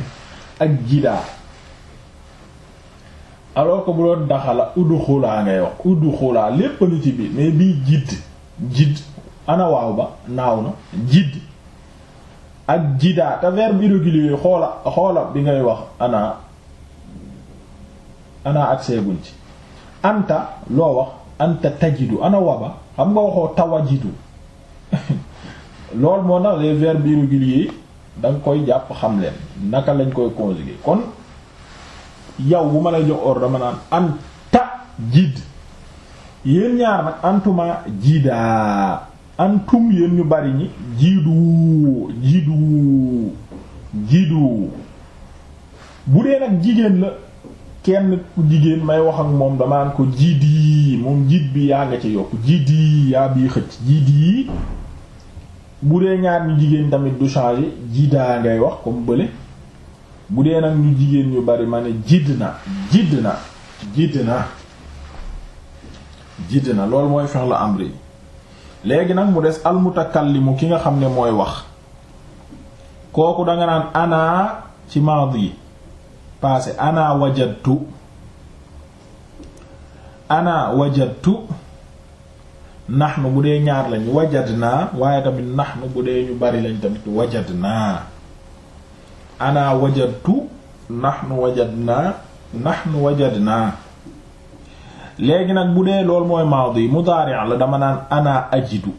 ak jidaa alors que bu doon daxala uddu xulaa ngay wax uddu xulaa lépp a ngi mais bii jidd jidd ana ba naaw na jidd ak jiddaa te verbe irrégulier xoola xoola bi ngay wax ana ana ak ci anta loo wax anta tajidu ana waba xam nga waxoo tawajidu loolu moo tax les verbes irréguliers da nga koy jàpp xam leen naka lañ koy conjuguer kon yow bu ma lay jox ordre dama naan anta jiid yéen ñaar nag antuma jiidaa antum yéen ñu bari ñi jiidu jiidu jiidu bu dee nag jigéen la kenn ku jigéen may wax ak moom dama naan ko jiidi moom jiit bi yaa nga ci yokk jiit jiidi yaa bii xëcc jiidi bu dee ñaar ñu jigéen tamit du changer jiidaa ngay wax comme bële bu dee nag ñu jigéen ñu bari ma ne jidd na jidd na jidd na jidd na loolu mooy fi'l amri léegi nag mu des almutakallimu ki nga xam ne mooy wax kooku danga naan ana ci maadi anaa ana wajadtu ana wajadtu nahnu bu dee ñaar lañu lañ na waaye tamit nahnu bu dee ñu bari lañ tamit wajadna nax ana wajadtu nahnu wajadna nahnu naa léegi nag bu dee loolu mooy maadi mudaari' la dama naan ana ajidu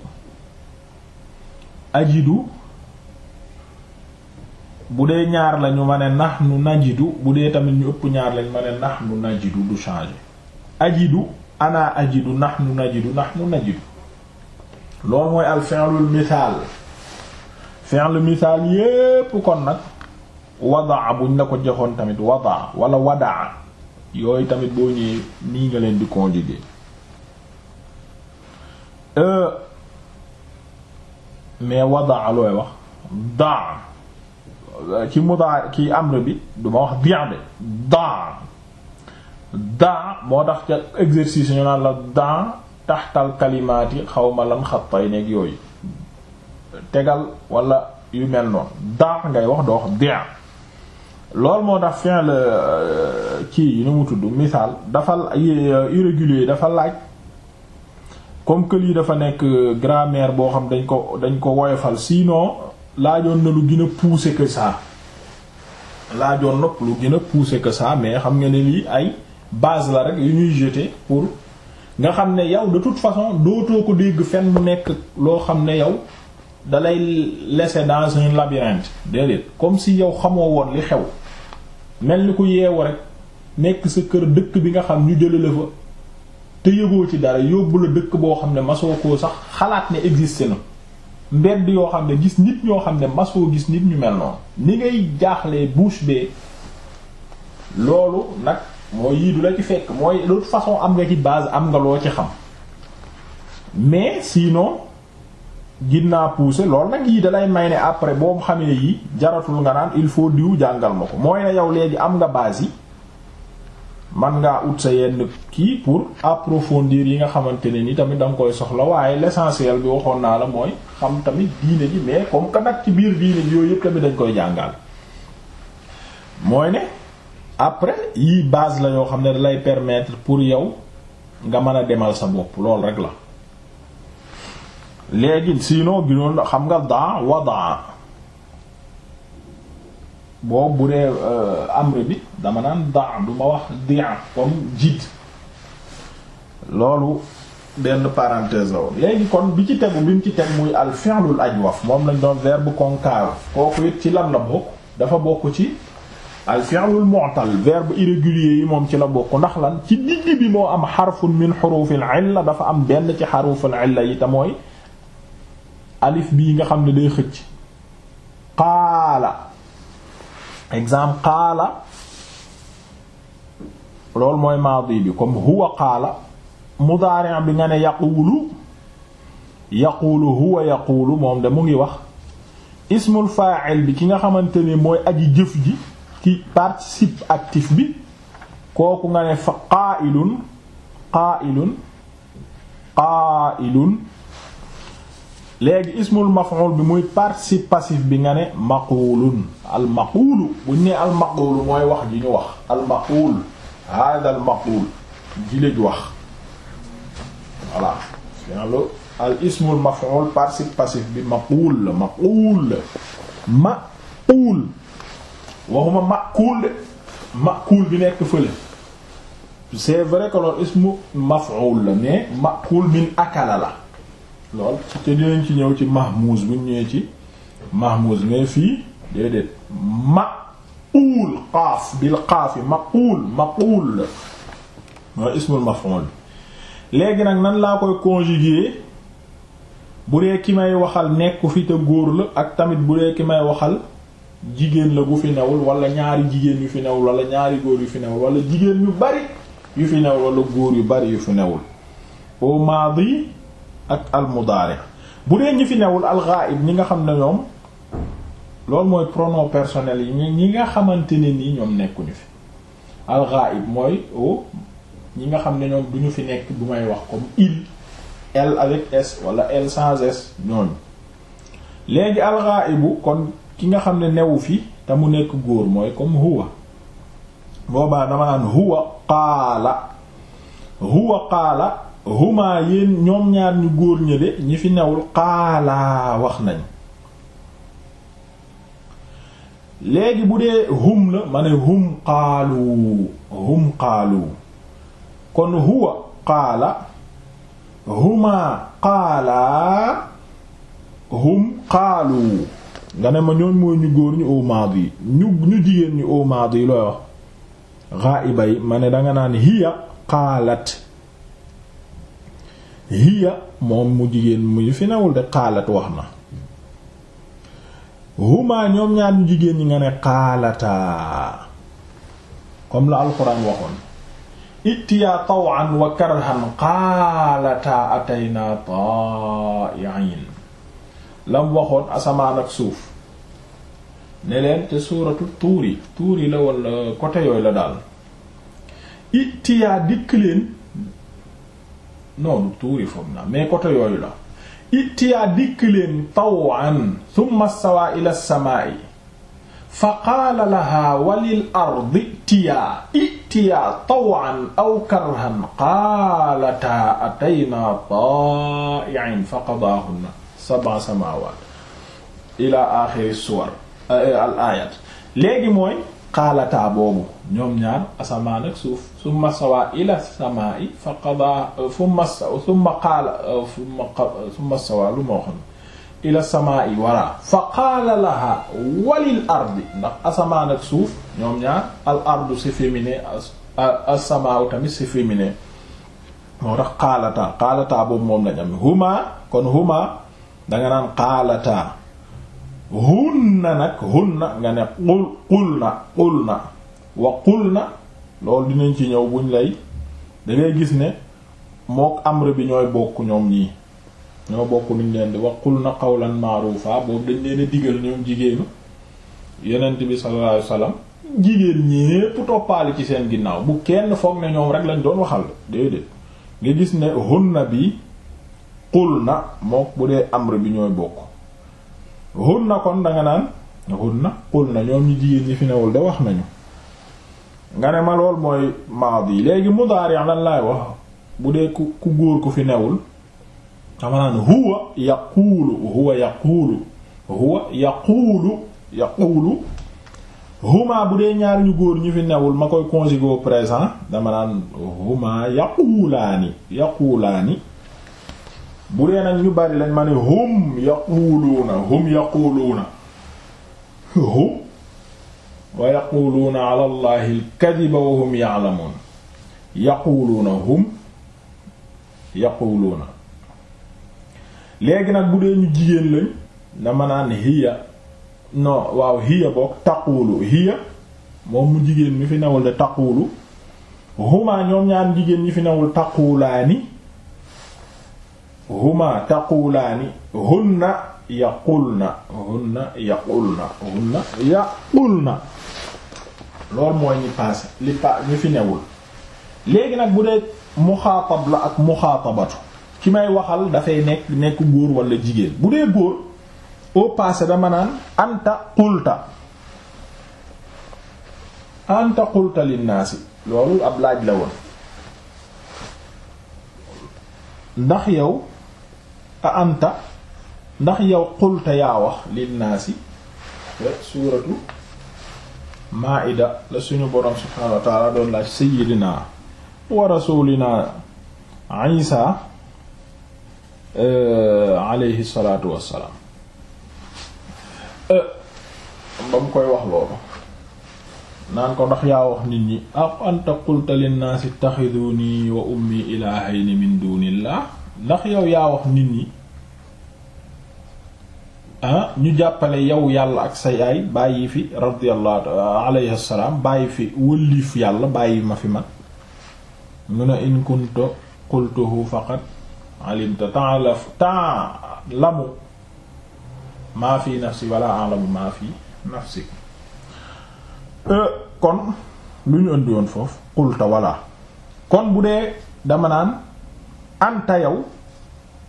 ajidu bu dee ñaar lañu ma ne nahnu najidu bu dee tamit ñu ëpp ñaar lañu ma ne nahnu najidu du changer ajidu ana ajidu nahnu najidu nahnu najidu loolu mooy al fi'lul misaal fi'lul misaal yépp kon nag wadaa buñ la ko joxoon tamit wadaa wala wadaa yooyu tamit boo ñëwee nii nga leen di conjuguer euh, mais wadaa looy wax daa ci mudaa ci amr bi duma wax bien de daa daa moo tax ca exercice ñu naan la daa taxtal kalimaati xawma lan xattay nekk yooyu tegal walla yu mel noonu daa ngay wax doo wax bien loolu moo tax fi'l euh, kii yi nu mu tudd misaal dafa euh, irrégulier dafa laaj comme que lii dafa nekk euh, gramer boo xam dañ ko dañ ko woyofal sinon laajoon na lu gën a poussé que ça laajoon nag lu gën a poussé que ça mais xam nga ne lii ay base la rek yu ñuy jeter pour nga xam ne yow de toute façon dootoo ko dégg fen mu nekk loo xam ne yow dalay laisser dans un labyrinthe déedéet comme si yow xamoo woon li xew mel ni ku yeewu rek nekk sa kër dëkk bi nga xam ñu jële la fa te yëgoo ci dara yóbbu la dëkk boo xam ne masoo koo sax xalaat ne existe na mbedd yoo xam ne gis nit ñoo xam ne masoo gis nit ñu mel noonu ni ngay jaaxlee bouche bee loolu nag mooy yii du la ci fekk mooy de toute façon am nga ci base am nga loo ci xam mais sinon ginnaa poussé lool nag yii dalay may ne après boobu xamee yi jaratul nga naan il faut diw jàngal ma ko mooy ne yow léegi am nga baas yi man ngaa ut sa yenn kii pour approfondir yi nga xamante ne ni tamit da nga koy soxla waaye l'essentiel bi waxoon naa la mooy xam tamit diine ji mais comme que nag ci biir diine ji yooyu yëpp tamit dañ koy jàngal mooy ne après yii base la yoo xam ne dalay permettre pour yow nga mën a demal sa bopp lool rek la léegi sinon ginoon xam nga dan wadan boobu bu dee euh, amri bi dama naan dan du ma wax dian comme jid loolu benn parenthèse la woon léegi kon bi ci tegu bi mu ci teg muy al fi'lul ajwaf moom lañ doon verbe concave kooku it ci lan la bokk dafa bokk ci al fi'lul mu'tal verbe irrégulier yi moom ci la bokk ndax lan ci digg bi moo am xarfun min xurufil illa dafa am benn ci xarufil illa yi te alif bii nga xam ne day xëcc qaala exemple qaala loolu mooy maadi bi comme huwa qaala mudaari' bi nga ne yaquulu yaquulu huwa yaquulu moom de mu ngi wax ismul fa'il bi ki nga xamante ne mooy aji jëf ji ki participe actif bi kooku nga ne fa qaa'ilun qaa'ilun qaa'ilun léegi ismul maf'ul bi muy participe passif bi nga ne mooy wax ji ñu wax al maqul hada al maqul wax voilà fi'lu al ismul bi maqul la maqul la maqul waxuma maqul de maqul bi nekk fële c'est vrai que loolu ismu min akala la lool te dinañ ci ñëw ci mahmouz buñ ñëwee ci mahmouz mais fii déedéet maquul qaaf bil qaafi maquul maquul la mooy ismul maf'ul bi léegi nag nan laa koy conjuguer bu dee ki may waxal nekku fi te góor la ak tamit bu dee ki may waxal jigéen la bu fi newul wala ñaari jigéen yu fi newul wala ñaari góor yu fi newul wala jigéen yu bari yu fi newul wala góor yu bari yu fi newul au maadi ak al mudaari bu dee ñi fi newul al ghaib ñi nga xam ne ñoom loolu mooy pronom personnel yi ñi nga xamante ne nii ñoom nekkuñu fi al ghaib mooy o oh, ñi nga xam ne ñoom duñu fi nekk du may wax comme il l avec s wala l sans s léegi al ghaibu kon ki nga xam ne newu fi te mu nekk góor mooy comme huwa boobaa dama naan huwa qaala huwa qaala huma yéen ñoom ñaar ñu góor ñële ñi fi newul xaalaa wax nañ léegi bu dee hum la ma ne hum xaalu hum xaalu kon huwa xaala huma xaalaa hum xaalu nga ne ma ñoom mooy ñu góor ñu omaad yi ñu ñu jigéen ñu omaad yi looy wax gaa iba yi ma ne danga naan hiya xaalat hiya moom mu jigéen mu fi newul de xaalat wax na huma ñoom ñaar ñu jigéen ñi nga ne xaalataa comme la alxuraan waxoon itiyaa tawan wa karhan xaalataa ataynaa ta'iin lam waxoon asamaan ak suuf ne leen te suuratu tuuri tuuri la walla côté yooyu la daal itiyaa dikk leen noonu tuuri foog naa mais côté yooyu la ittiyaa dikk leen tawan thumma stawaa ila samaa'i fa qaala lahaa walil ardi ittiyaa ittiyaa tawan aw karhan qaalataa ataynaa taa'i'in fa qadaahunna sab'a samaawaat ila aaxiri suwar al aayat léegi mooy qaalataa boobu ñoom ñaar asamaan ak suuf summa sawa ila samaa'i lu ma waxoon ila samaa'i wara fa laha walil asamaan ak suuf ñoom ñaar al ardu c'est féminin as samaa'u tamit c'est féminin moom lañ am huma kon huma danga naan qaalataa hunna nag hunna nga ne qul qul na wa na loolu dinañ ci ñëw buñ lay da gis ne mook amr bi ñooy bokk ñoom ñii ñoo bokk luñ leen di wa qulna qawlan ma'rufa boobu dañ leen digal ñoom jigéenu yonent bi sallallahu alayhi wasallam jigéen ñépp toppaale ci seen ginnaaw bu kenn foog ne ñoom rek lañ doon waxal déedéet gis ne hunna bi qulna mook bu dee amr bi ñooy bokk hunna kon danga naan hunna qulna ñoom ñi jigéen ñi de wax nañu nga ne ma lool mooy maadi léegi mudaari lan laay wax bu dee ku ku góor ku fi newul dama naan huwa yaquulu huwa yaquulu huwa yaquulu yaquulu huma bu dee ñaar ñu góor ñu fi newul ma koy conjugué au présent dama naan huma yaquulaani yaquulaani bu dee nag ñu bari lañ ma ne hum yaquuluuna hum yaquuluuna hum wa yaquluuna ala allahi jigéen lañ dama naan hiya waaw hiya boog taquulu hiya moom mu jigéen mi fi newul de taquulu huma ñoom ñaan jigéen ñi fi nawul taquulaani huma taquulaani hunna yaqulna hunna yaqulna hunna yaqulna loolu mooy ñi passé li pa ñi fi newul léegi nag bu dee muxaatab la ak muxaatabatu ki may waxal dafay nekk nekk góor walla jigéen bu dee góor au passé dama naan anta qulta anta qulta linnaasi loolu ab laaj la woon ndax yow a anta ndax yow xulta yaa wax linnaasi eh, suuratu maida la suñu boroom subhaanahu wa taala doon laaj sayidina wa rasulina isa eh, alayhi salaatu wassalaam eh, ba mu koy wax loolu naan ko ndax yaa wax nit ñi ak anta qulta linnaasi ittaxiduni wa ummi ilaahayni min dunillah ndax yow yaa wax nit ñi Ah, ñu jàppale yow yàlla ak sa yaay bàyyi fi radiyallahu alayhi salaam bàyyi fi wëlliif yàlla bàyyi ma fi man mun a in kuntu qultuhu faqad alimta ta'laf maa fi nafsi wala a'lamu maa fi nafsi eh, kon lu ñu indi woon foofu qulta wala kon bu dee dama naan anta yow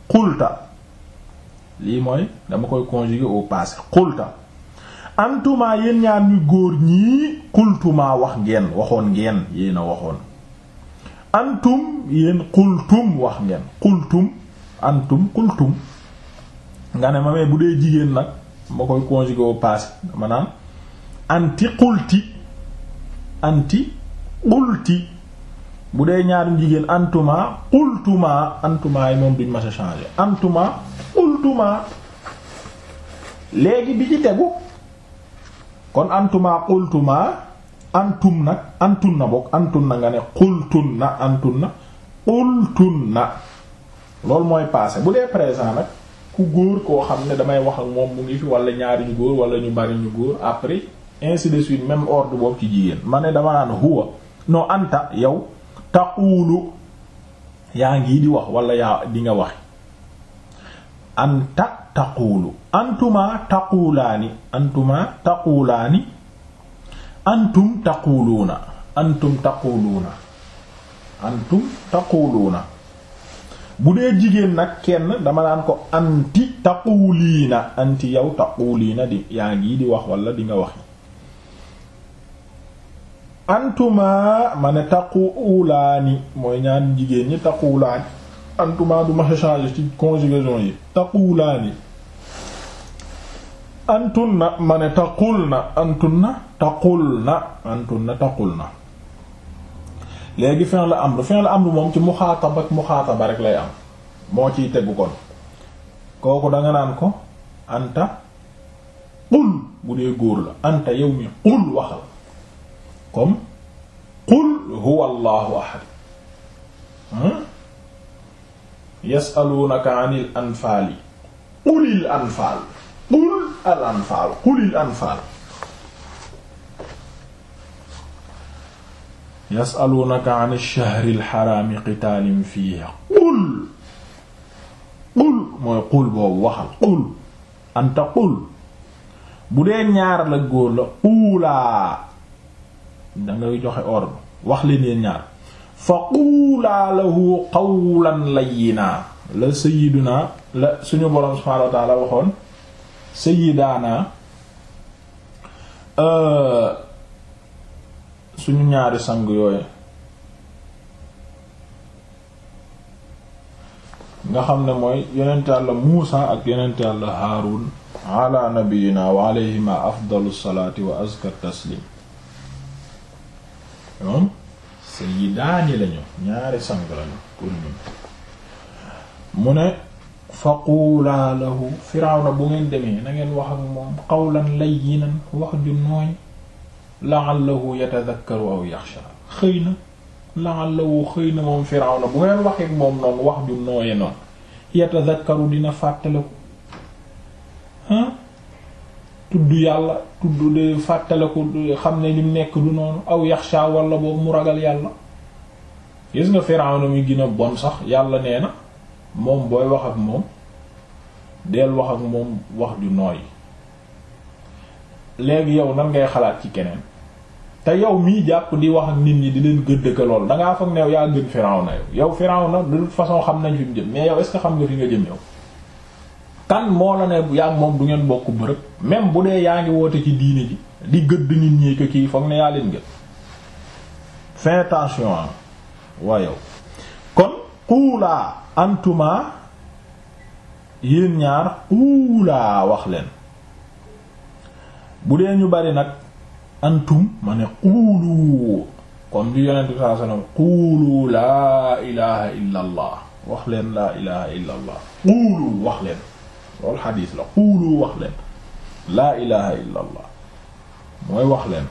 qulta lii mooy dama koy conjuguer au passé xulta antuma yéen ñaar ñu góor ñii xultuma wax ngeen waxoon ngeen yéen a waxoon antum yenn xultum wax ngeen xultum antum xultum nga ne ma mee bu dee jigéen nag ma koy conjuguer au passé dama naan anti xulti anti xulti bu dee ñaari jigéen antuma xultuma antumaa yi moom duñ ma sa changer antuma antuma léegi bi tegu kon antuma qultuma antum nag antun na bokk antun na nga ne na antun na qultun na loolu mooy passé bu dee présent nag ku góor koo xam ne damay wax ak moom mu ngi fi wala ñaari ñu góor wala ñu bari ñu góor après ainsi de suite même ordre boobu ci jigéen ma ne dama naan huwa non anta yow taqulu yaa ngi di wax wala yaa di wax anta taquulu antuma taqulaani antuma taqulaani antum taquluuna antum taquluuna antum bu dee jigéen nag kenn dama naan ko anti taquliina anti yow taquliina di yaa ngi di wax wala di nga wax ma ne taqulaani mooy ñaan jigéen ñi taqulaani antuma du ma changer ci conjugaison yi taqulaani antunna ma ne taqulna antunna taqulna antunna taqulna léegi fi'l amr fi'l amr moom ci muxaatab ak muxaataba rek lay am moo ciy tegu kon kooku danga naan ko anta qul bu dee góor la anta yow mi qul waxal comme qul huwa allahu ahad hmm? yasaluunaka anil anfaali qulil anfaal qul al anfaal an ash-shahri al-haraami qitaalin fiihi qul qul mooy qul boobu waxal qul anta qul bu dee ñaar la góor la quulaa dangay joxe ordre wax leen yeen ñaar fa quulaa lahu qawlan layyinaa la sayidunaa la suñu boroom subhaanahu wa taala waxoon sayidaanaa euh, suñu ñaari sang yooyu nga xam ne mooy yonent Yàlla Muusa ak yonent Yàlla Haarun ala nabiyina wa alayhima afdalu salaati wa azka taslim sayyidaani lañu ñaari sang lañu pour ñun mu ne faquulaa lahu firawna bu ngeen demee na ngeen wax ak moom qawlan layyinan wax ju nooy la'allahu yatadhakkaru aw yaxsha xëy na la'allahu xëy na moom firawna bu ngeen waxee moom noonu wax ju nooye noonu yatadhakkaru dina fàttaliku tudd yàlla tudd de fàttaleku xam ne lim nekk du noonu aw yaxsha wala boobu mu ragal yàlla gis nga Firawna mi gën a bon sax yàlla nee na moom booy wax ak moom del wax ak moom wax ju nooy léegi yow nan ngay xalaat ci keneen te yow mii jàpp di wax ak nit ñi di leen gëdd ka lool dangaa foog ne yow yaa gën Firawna yow yow na de toute façon xam nañ fi mu jëm mais yow est ce xam nga fi nga jëm yow kan moo la ne yaa moom du ngeen bokk bërëb même bu dee yaa ngi woote ci diini ji di gëdd nit ñi ko kii ne yaa leen gën fin attention am waa yow kon xuulaa antuma yéen ñaar xuulaa wax leen bu dee ñu bari nag antum ma ne xuulu comme di yonent bi sallallahu alayhi wasallam xuulu laa ilaha illa allah wax leen laa ilaha illa allah xuulu wax leen loolu xadiis la xuulu wax leen laa ilaha illa allah mooy wax leen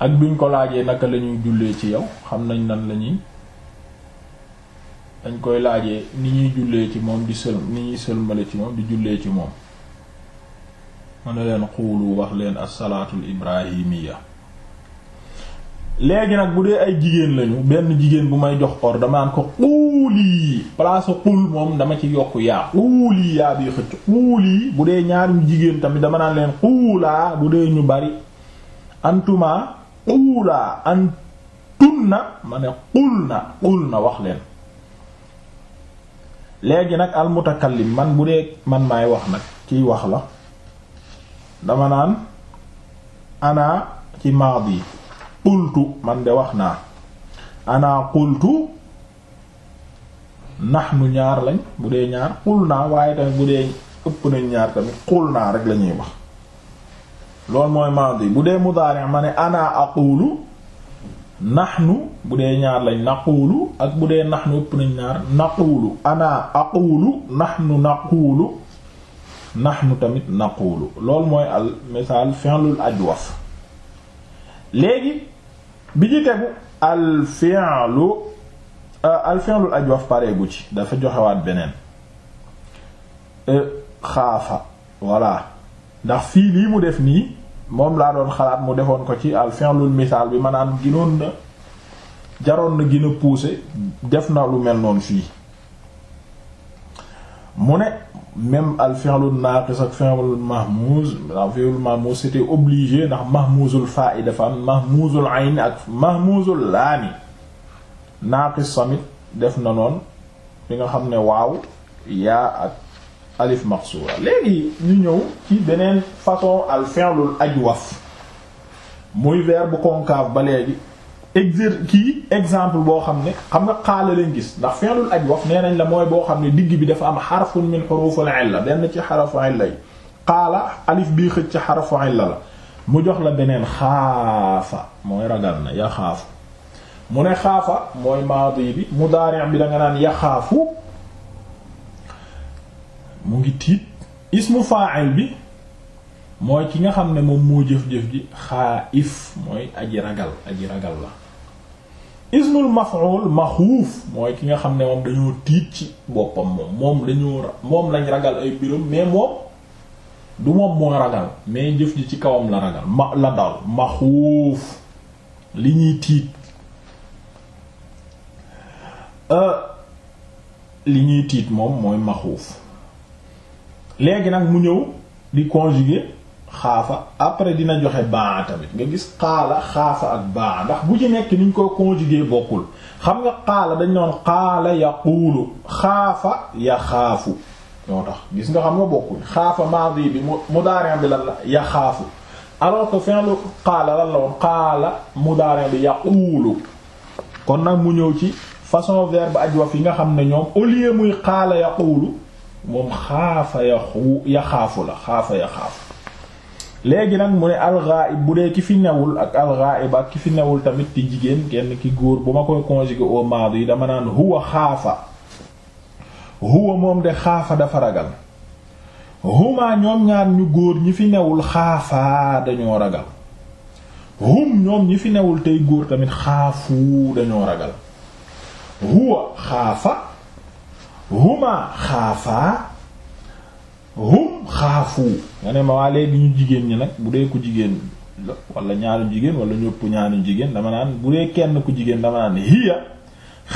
ak buñ ko laajee naka la ñuy jullee ci yow xam nañ nan la ñuy dañ koy laajee ni ñuy jullee ci moom di sël ni ñuy sëlmale ci moom di jullee ci moom mën na leen xuulu wax leen assalaatul ibrahimiya léegi nag bu dee ay jigéen lañu benn jigéen bu may jox or damaan ko xuulii place xuul moom dama ci yokk yaa xuulii yaa bi xëcc xuulii bu dee ñaar ñu jigéen tamit dama naan leen xuulaa bu dee ñu bari antuma xuulaa antunna ma ne xul na xul na wax leen léegi nag almutakallim man bu dee man maay wax nag kiy wax la dama naan ana ci maadi qultu man de wax naa ana qultu nahnu ñaar lañ bu dee ñaar qul naa waaye tamit bu dee ëpp nañ ñaar tamit xuul naa rek la ñuy wax loolu mooy maadi bu dee mudaari ma ne ana aqulu nahnu bu dee ñaar lañ naquulu ak bu dee nahnu ëpp nañ ñaar naquulu ana aqulu nahnu naquulu nahnu tamit naquulu loolu mooy al misaal fi'lul ajwaf léegi bi ci tegu al fi'lu euh, al fi'lu ajwaf pareegu ci dafa joxewaat beneen euh, xaafa voilà ndax fii lii mu def nii moom laa doon xalaat mu defoon ko ci al fi'lul misaal bi ma maanaam ginoon na jaroon na gën a poussé def na lu mel noonu fii mu ne même al fi'lu naaqis ak fi'lu mahmuz ndax fi'lu mahmuz c'était obligé ndax mahmuzul faa'i dafa am mahmuzul ayn ak mahmuzul laani naaqis samit def na noon li nga xam ne waaw yaa ak alif maqsuura léegi ñu ñëw ci beneen façon al fi'lul ajwaf muy bu concave ba léegi exer kii exemple boo xam ne xam nga xaala lañ gis ndax fi'lul aj waf nee nañ la mooy boo xam ne digg bi dafa am xarfun min xuruful la benn ci xarafu la yi xaala alif bii xëcc ci xarafu illa la mu jox la beneen xaafa mooy ragal na ya mu ne xaafa mooy maadi bi mudaari' bi da naan ya mu ngi tiit ismu fa'il bi mooy ki nga xam ne moom moo jëf-jëf ji xaaif mooy aji ragal aji ragal la ismul ma maxuuf mooy ki nga xam ne moom dañoo tiit ci boppam moom moom dañoo moom lañ ragal ay biram mais moom du moom moo ragal mais jëf ji ci kawam la ragal ma la dal maxuuf li ñuy tiit euh, li ñuy tiit moom mooy maxuuf léegi nag mu ñëw di conjuguer xaafa après dina joxe baa tamit nga gis xaala xaafa ak baax ndax bu ci nekk niñ koy conjuguer bokkul xam nga xaala dañ noon xaala yaquulu xaafa ya xaafu moo tax gis nga xam nga bokkul xaafa maadi bi mudaari bi lan la ya xaafu alors que fi'lu xaala lan la woon xaala mudaari bi yaquulu kon nag mu ñëw ci façon verbe ajwaf yi nga xam ne ñoom au lieu muy xaala yaquulu moom xaafa ya xaafu la xaafa ya xaafu léegi nag mu ne alxaaib bu dee ki fi newul ak alxaaib ak ki fi newul tamit di jigéen kenn ki góor bu ma koy conjugué au maadi yi dama naan huwa xaafa huwa moom de xaafa dafa ragal huma ñoom ñaar ñu góor ñi fi newul xaafaa dañoo ragal hum ñoom ñi fi newul tey góor tamit xaafu dañoo ragal huwa xaafa huma xaafaa hum xaafu nga ne ma waa léegi ñu jigéen ñi nag bu dee ku jigéen la ñaaru jigéen wala ñëpp ñaaru jigéen dama naan bu dee kenn ku jigéen dama naan hiya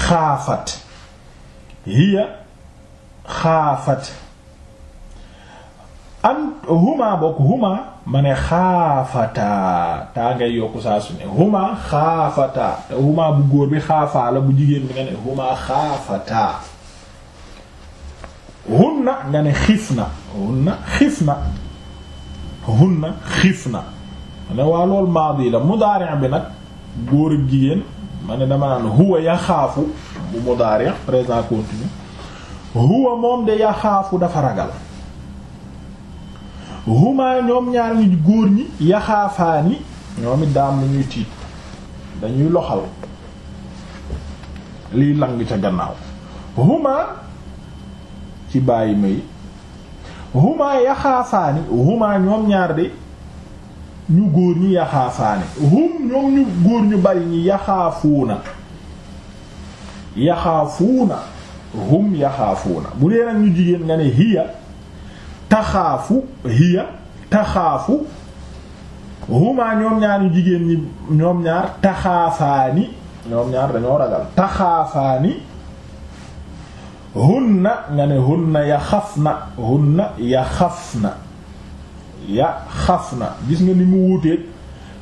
xaafat hiya xaafat am huma bokk huma ma ne xaafataa taa ngay yokku saa su huma xaafataa te huma bu góor bi xaafaa la bu jigéen bi nga ne huma xaafataa hunna nga ne xif na hunna xif na hunna xif na ma ne waa loolu yi la mudaari' bi nag góor ak jigéen ma ne dama naan huwa yaxaafu bu mudaari' présent continu huwa moom de yaxaafu dafa ragal huma ñoom ñaar ñu góor ñi yaxaafaani ñoom it daam nañuy tiit dañuy loxal liy lang ca gannaaw huma ci bàyyi may huma yaxaafaani huma ñoom ñaar de ñu góor ñi yaxaafaani hum ñoom ñu góor ñu bari ñi yaxaafuuna yaxaafuuna hum yaxaafuuna bu dee nag ñu jigéen nga ne hiya taxaafu hiya taxaafu huma ñoom ñaar ñu jigéen ñi ñoom ñaar taxaafaani ñoom ñaar dañoo ragal taxaafaani na nga ne hunna ya xaf na hunna ya xaf na ya xaf na gis nga ni mu wuutee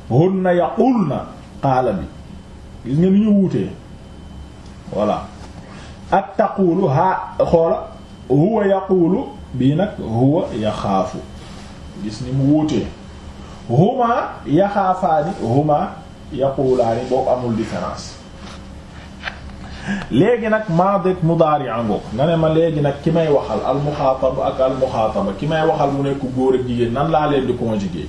hunna ya qul na xaala bi gis nga ni ñu wuutee voilà ak taquulu haa xoola huwa yaquulu bii nag huwa yaxaafu gis ni mu wuutee huma yaxaafaani huma yaquulaani boobu amul différence léegi nag maadit yi ango nga ne ma léegi nag ki may waxal al muxaatab ak al muxaataba ki may waxal mu nekk góor ak jigéen nan laa leen di conjuguer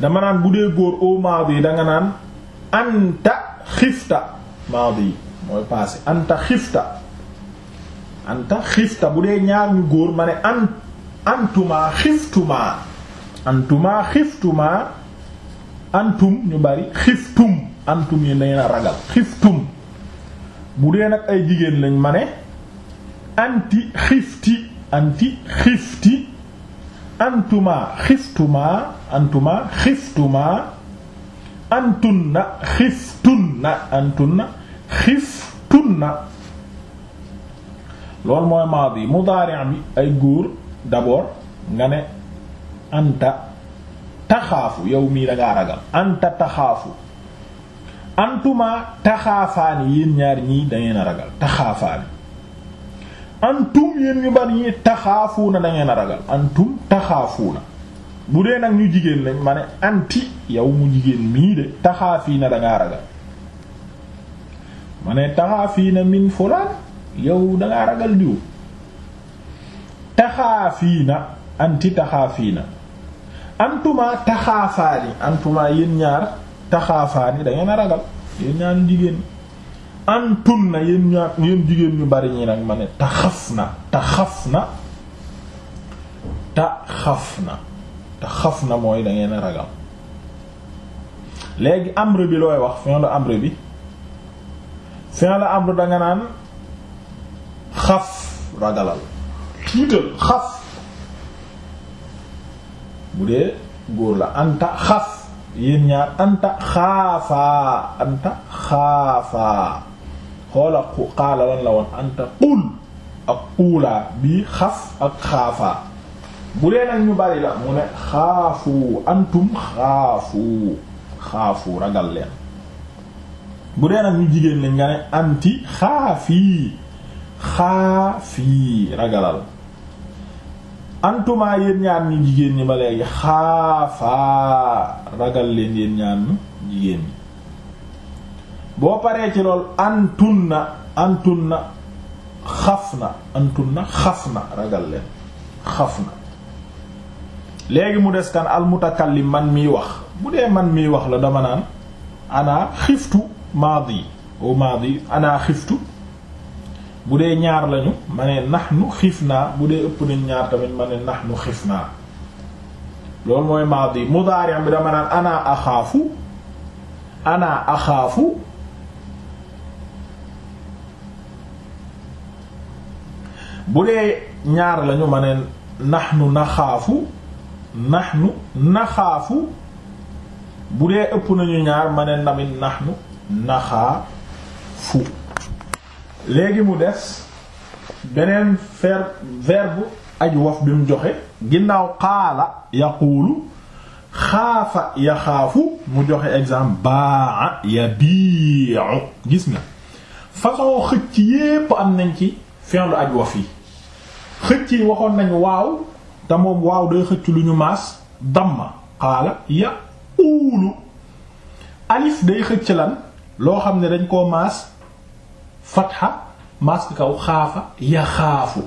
dama naan bu dee góor au maadi danga naan anta xifta maadi mooy passé anta xifta anta xifta bu dee ñaar ñu góor ma ne an antuma xiftumaa antuma xiftumaa antum ñu bari xiftum antum yi nee na ragal xiftum bu dee nag ay jigéen lañ ma ne anti xifti anti xifti antuma xiftuma antuma xiftuma antunna xiftunna antunna xiftunna loolu mooy maadi mudaari' bi ay góor d'abord nga ne anta taxaafu yow mii dangaa ragal anta taxaafu antuma taxaafaani yéen ñaar ñii dangeen a ragal taxaafaani antum yéen ñu bari ñii taxaafuuna dangeen a ragal antum taxaafuuna bu dee nag ñu jigéen lañ ma ne anti yow mu jigéen mii de taxaafiina dangaa ragal ma ne taxaafiina min fulaan yow dangaa ragal diw taxaafiina anti taxaafiina antuma taxaafaani antuma yéen ñaar taxaafaani da ngeen a ragal yéen ñaan jigéen antun na yéen ñaa yéen jigéen ñu bari ñi nag ma ne taxaf na taxaf na taxaf na taxaf na mooy da ngeen a ragal léegi amr bi looy wax fin la amr bi fin la amr da naan xaf ragalal tiital xaf bu dee góor la anta xaf yéen ñaar anta xaafaa anta xaafaa xoola xaala lan la woon anta qul ak quulaa bii xaf ak xaafaa bu dee nag ñu bari la mu ne xaafu antum xaafu xaafu ragal leen bu dee nag ñu jigéen lañ nga ne anti xaafii xaafii ragalal antumaa yéen ñaar ñi jigéen ñi ba léegi xaafaa ragal leen yéen ñaan ñi jigéen ñi boo paree ci lool antunna antunna xaf na antunna xaf na ragal leen xaf na léegi mu des kan almutakallim man miy wax bu dee man miy wax la dama naan ana xiftu maadi o maadi anaa xiftu bu dee ñaar lañu ma ne nax nu xiif naa bu dee ëpp nañ ñaar tamit ma ne nax nu xiif naa axaafu ana bu dee ëpp nañu ñaar ma nax nu naxaafu léegi mu des beneen fer verbe aj waf bi mu joxe ginnaaw xaala yaquulu xaafa yaxaafu mu joxe exemple baa yabiu gis nga façon xëcc yépp am nañ ci fi'lu aj waf yi xëcc yi waxoon nañu waaw te waaw day xëcc lu ñu maas damma xaala yaquulu alif day xëcc lan loo xam ne dañ koo maas fatxa mask kaw xaafa ya xaafu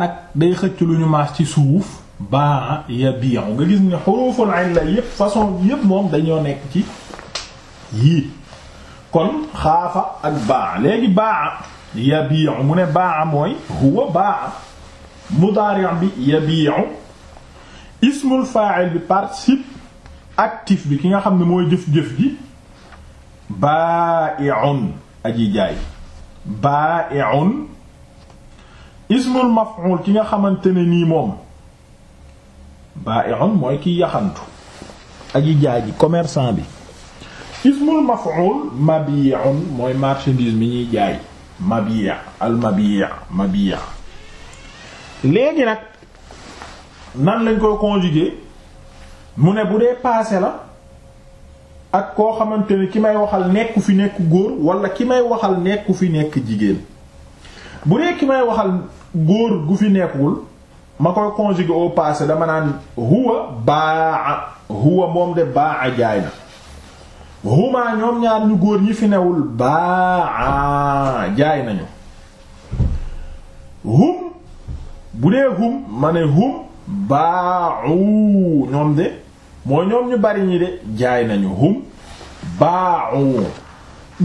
nag day xëcc lu ñu maas ci suuf baa ya bi'u nga gis ne xuruful illa yépp façon moom dañoo nekk ci yii kon xaafa ak baa léegi baa ya mu ne baa mooy huwa baa mudaari' bi ya bi'u ismul fa'il bi participe actif bi ki nga xam ne mooy jëf-jëf ji baa'i'un aji jaay baa'i'un ismul maf'ul ki nga xamante ne nii moom baa'i'un mooy kiy yaxantu aji jaay ji commerçant bi ismul maf'ul mabi'un mooy marchandise mi ñuy jaay mabi' al mabi' mabi' léegi nag nan lañ koy conjuguer mu ne bu dee passé la ak koo xamante ne ki may waxal nekku fi nekk góor walla ki may waxal nekku fi nekk jigéen bu dee ki may waxal góor gu fi nekkul ma koy conjuguer au passé dama naan huwa baa huwa moom de jaay na góor ñi fi newul baa nañu hum bu dee hum ma ne ñoom de mooy ñoom ñu bari ñi de jaay nañu hum baaxu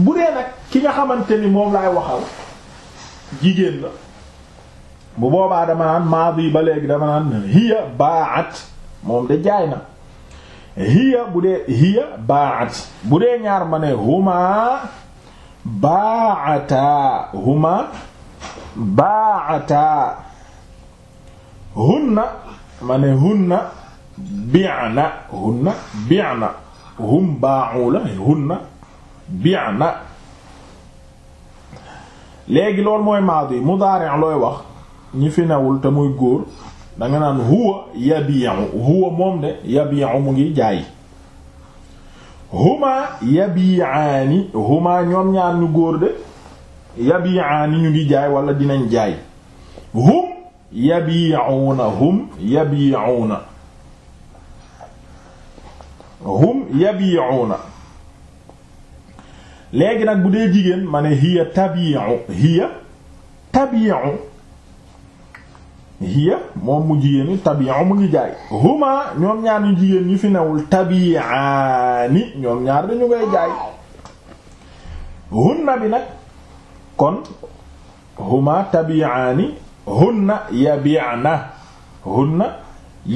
bu dee nag ki nga xamante ni moom laay waxal jigéen la bu boobaa dama naan maadi ba léegi dama naan hiya baat moom de jaay na hiya bu dee hiya baat bu dee ñaar ma ne huma baata huma baata hunna ma ne hunna bi'na na bi'na hum baa'u la hunna bi'na léegi loolu mooy maadi mudaari' looy wax ñi fi newul te muy góor danga naan huwa yabi'u huwa moom de yabi'u mu ngi jaay huma yabi'aani huma ñoom ñaar ñu góor de yabi'aani ñu ngi jaay wala dinañ jaay hum yabi'una hum yabi'una hum yabi'una léegi nag bu dee jigéen ma ne hiya tabi'u hiya tabi'u hiya moom mu jigéen ñi tabi'u mu ngi jaay huma ñoom ñaar ñu jigéen ñi fi newul tabi'aani ñoom ñaar dañu ngay jaay hunna bi nag kon huma tabi'aani hunna yabi'na hunna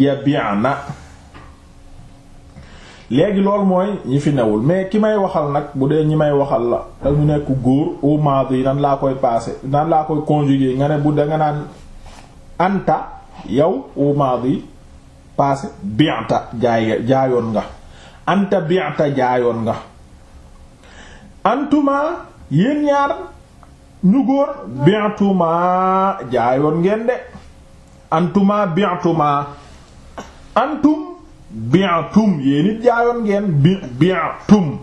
yabi'na léegi loolu mooy ñi fi newul mais ki may waxal nag bu dee ñi may waxal la te mu nekk góor au madi nan laa koy passé nan laa koy conjuguer nga ne bu danga naan anta yow au madi passé bi'ta jaay jaayoon nga anta bi'ta jaayoon nga antuma yéen ñaar ñu góor bi'tuma jaayoon ngeen de antuma bi'tuma antum bi'tum yéen it jaayoon ngeen bi bi'tum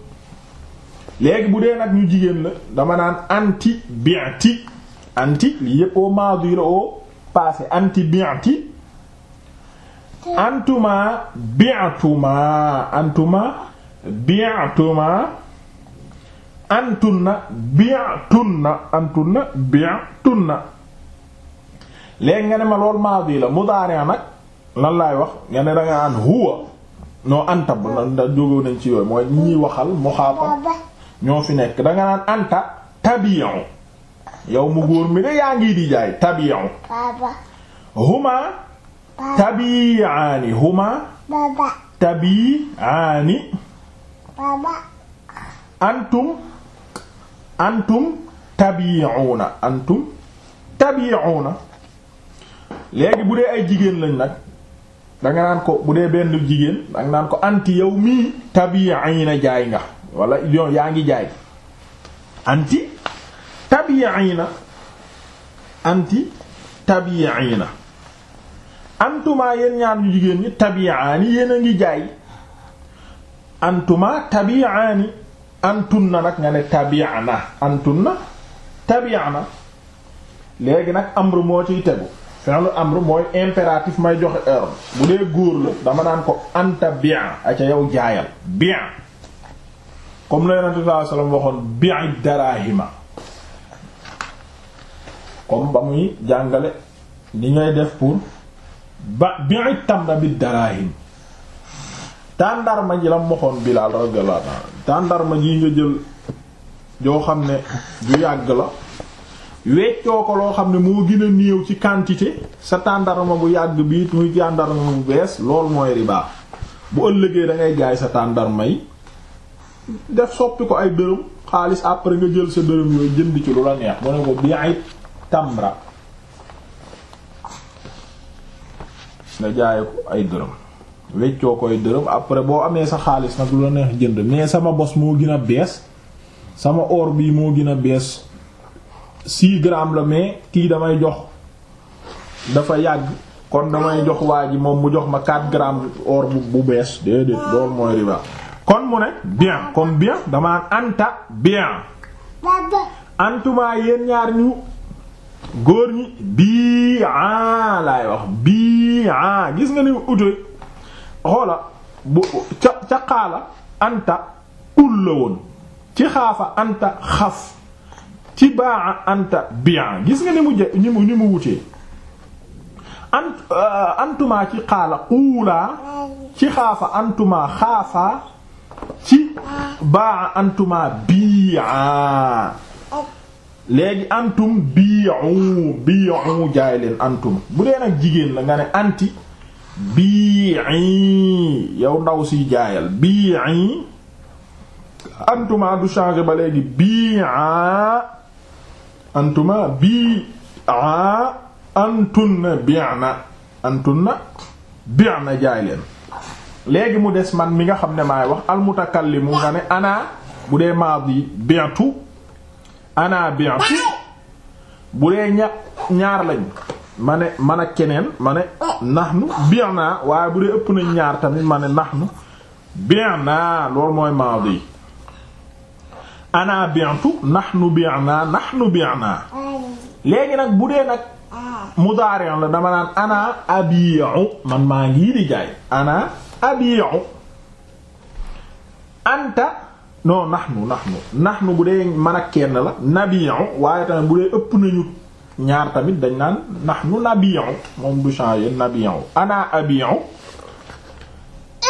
bu dee nag ñu jigéen la dama naan anti bi'ti anti li yépp au maadi la au passé anti bi'ti antuma bi'tuma antuma bi'tuma antunna bi'tunna antunna bi'tunna léegi nga ne ma lool maadi la mudaari nag lan laay wax nga ne da huwa noo anta bu na jógoo nañ ci yooyu mooy waxal mu ñoo fi nekk da nga naan anta tabi'u yow mu góor mi de yaa ngi di jaay tabi'u huma tabi'aani huma tabi'aani antum antum tabi'una antum tabi'una léegi bu dee ay jigéen lañ nag danga naan ko bu dee benn jigéen danga naan ko anti yow mii tabi'ina jaay nga wala yow yaa ngi jaay anti tabi'ina anti tabi'ina antuma yéen ñaar ñu jigéen ñi tabi'aani yéen a ngi jaay antuma tabi'aani antunna nag nga ne tabi'ana antunna tabi'ana léegi nag amru moo ciy tegu fi'lu amr mooy impératif may joxe heure bu dee góor la dama daan ko anta bien aca yow jaayal bien comme la yonente sallallahu alayhi wasallam waxoon bien darahima comme ba muy jàngale ni ngay def pour ba bien tamra bi darahim tàndarma ji la waxoon Bilaal radiyallahu anhu tàndarma ji nga jël joo xam ne du yàgg la weccoo ko loo xam ne moo gën a néew ci quantité sa tàndarma bu yàgg bi muy tàndarma bu bees loolu mooy riba bu ëllëgee da ngay jaay sa tàndarma yi def soppi ko ay dërëm xaalis après nga jël sa dërëm yooyu jënd ci lu la neex mu ne ko bi ay tamra nga jaay ko ay dërëm weccoo ko ay dërëm après boo amee sa xaalis nag lu la neex jënd mais sama bos moo gën a bees sama or bii moo gën a bees six grammes la mais kii damay jox dafa yàgg kon damay jox waa ji moom mu jox ma 4 grammes or bu bu bees déedéet loolu mooy riba kon mu ne bien comme bien damaa anta bien antuma yéen ñaar ñu góor ñi bii laay wax bii gis nga ni ute xoola bu ca ca xaala anta ul la woon ci xaafa anta xaf ci baa anta bien gis nga ni mu je ni mu ni mu wutee euh, antumaa ci xaala xuulaa ci xaafa antumaa xaafaa ci baa antumaa bi'a léegi antum bi'u bi'u jaay leen antum bu dee nag jigéen la nga ne anti bi'i yow ndaw si jaayal bi'i antumaa du changer ba léegi bi'a antuma bii a antunna bi'na antunna bi'na jaay leen léegi mu des man mi nga xam ne maay wax almutakallimu nga ne ana bu dee maadi bi'tu ana bi'tu bu dee ña ñaar lañ ma ne man ak keneen ma ne nahnu bi'na waaye bu dee ëpp nañ ñaar tamit ma ne nahnu bi'na loolu mooy maadi ana bi'tu nahnu bi'na nahnu bi'na oh. léegi nag bu dee nag ah. mudaari la dama naan ana abi'u man maa ngi di jaay ana abi'u anta non nahnu nahnu nahnu bu dee man kenn la nabi'u waaye tamit bu dee ëpp nañu ñaar tamit dañ naan nahnu nabi'u moom du changer nabi'u ana abi'u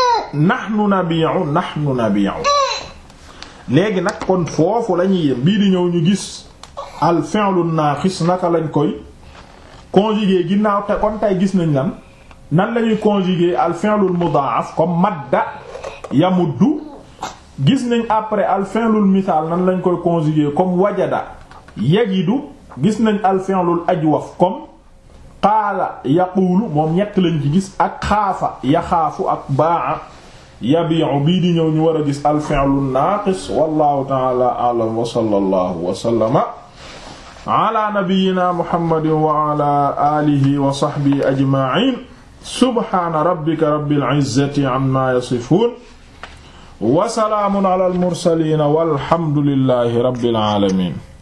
eh, nahnu nabi'u nahnu nabi'u léegi nag kon foofu lañu ñuy yem bii di ñëw ñu gis al fi'lu naaxis naka lañ koy conjuguer ginnaaw te kon tey gis nañ lan nan la ñuy conjuguer al fi'lu mudaaf comme madda yamuddu gis nañ après al fi'lu misaal nan lañ koy conjuguer comme wajada yajidu gis nañ al fi'lu ajwaf comme qaala yaquulu moom ñett lañ di gis ak xaafa yaxaafu ak baa yabi'u bii di ñëw ñu war a gis al fi'lu naaqis wallahu ta'ala a'lam wa sallallahu wa sallama ala nabiyyina muhammadin wa ala alihi wa sahbihi ajma'in subhana rabbika rabbil izzati amma yasifun wa salaamun ala al mursalin walhamdulillahi rabbil alamin